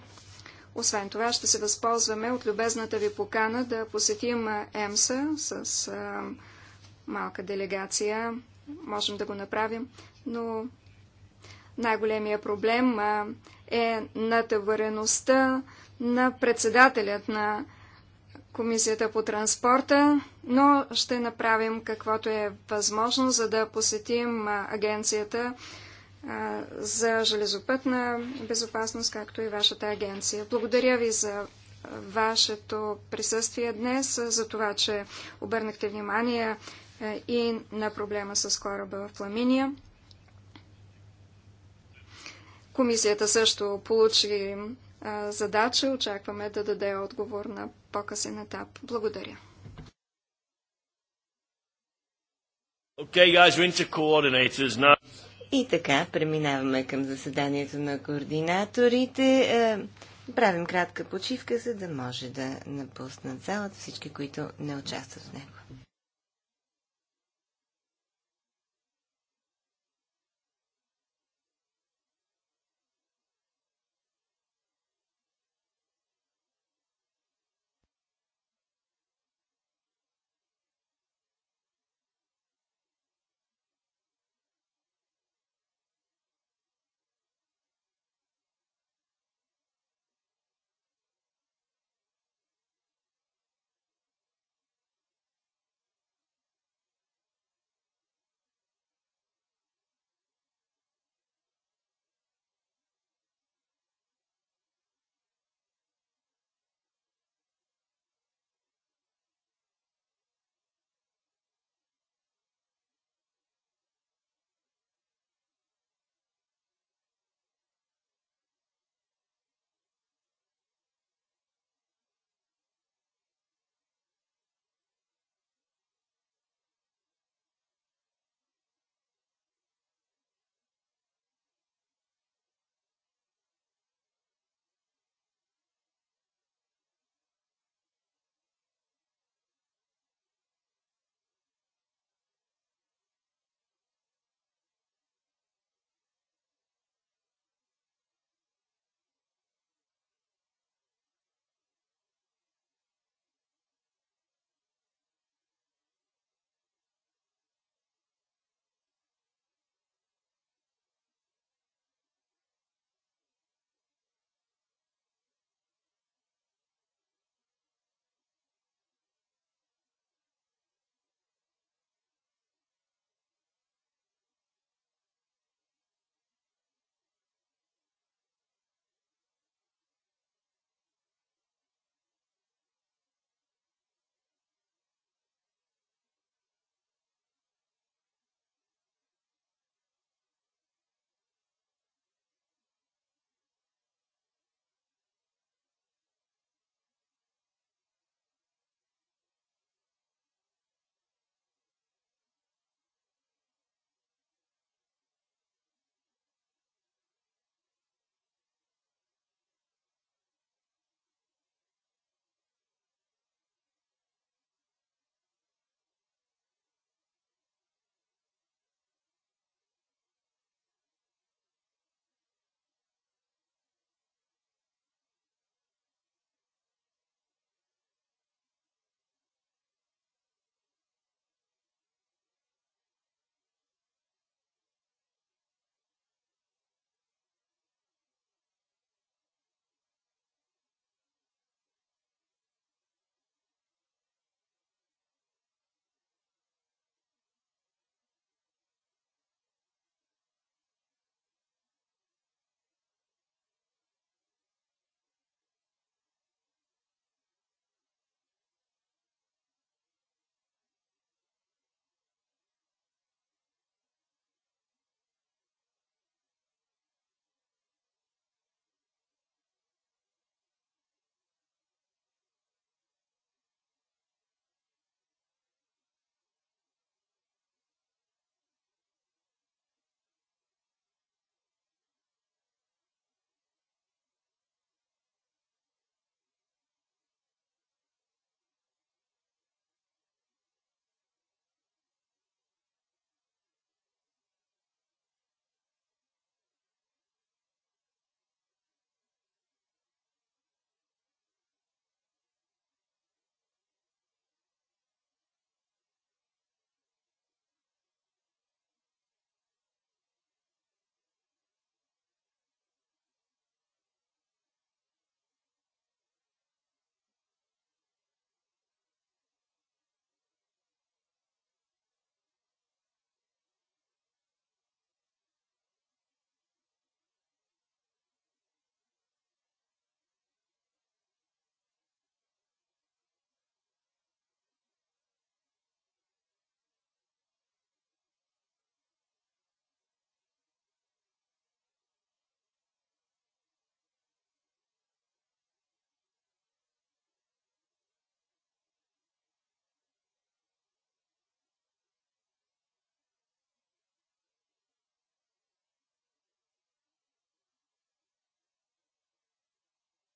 B: Освен това, ще се възползваме от любезната ви покана да посетим ЕМСА с а, е, малка делегация. Можем да го направим, но най-големия проблем а, е натъвареността на председателят на Комисията по транспорта, но ще направим каквото е възможно, за да посетим агенцията за железопътна безопасност, както и вашата агенция. Благодаря ви за вашето присъствие днес, за това, че обърнахте внимание и на проблема с кораба в Пламиния. Комисията също получи задача. Очакваме да даде отговор на по-късен етап. Благодаря.
A: Okay, guys, we're now. И така, преминаваме към заседанието на координаторите. Е, правим кратка почивка, за да може да напуснат залата всички, които не участват в него.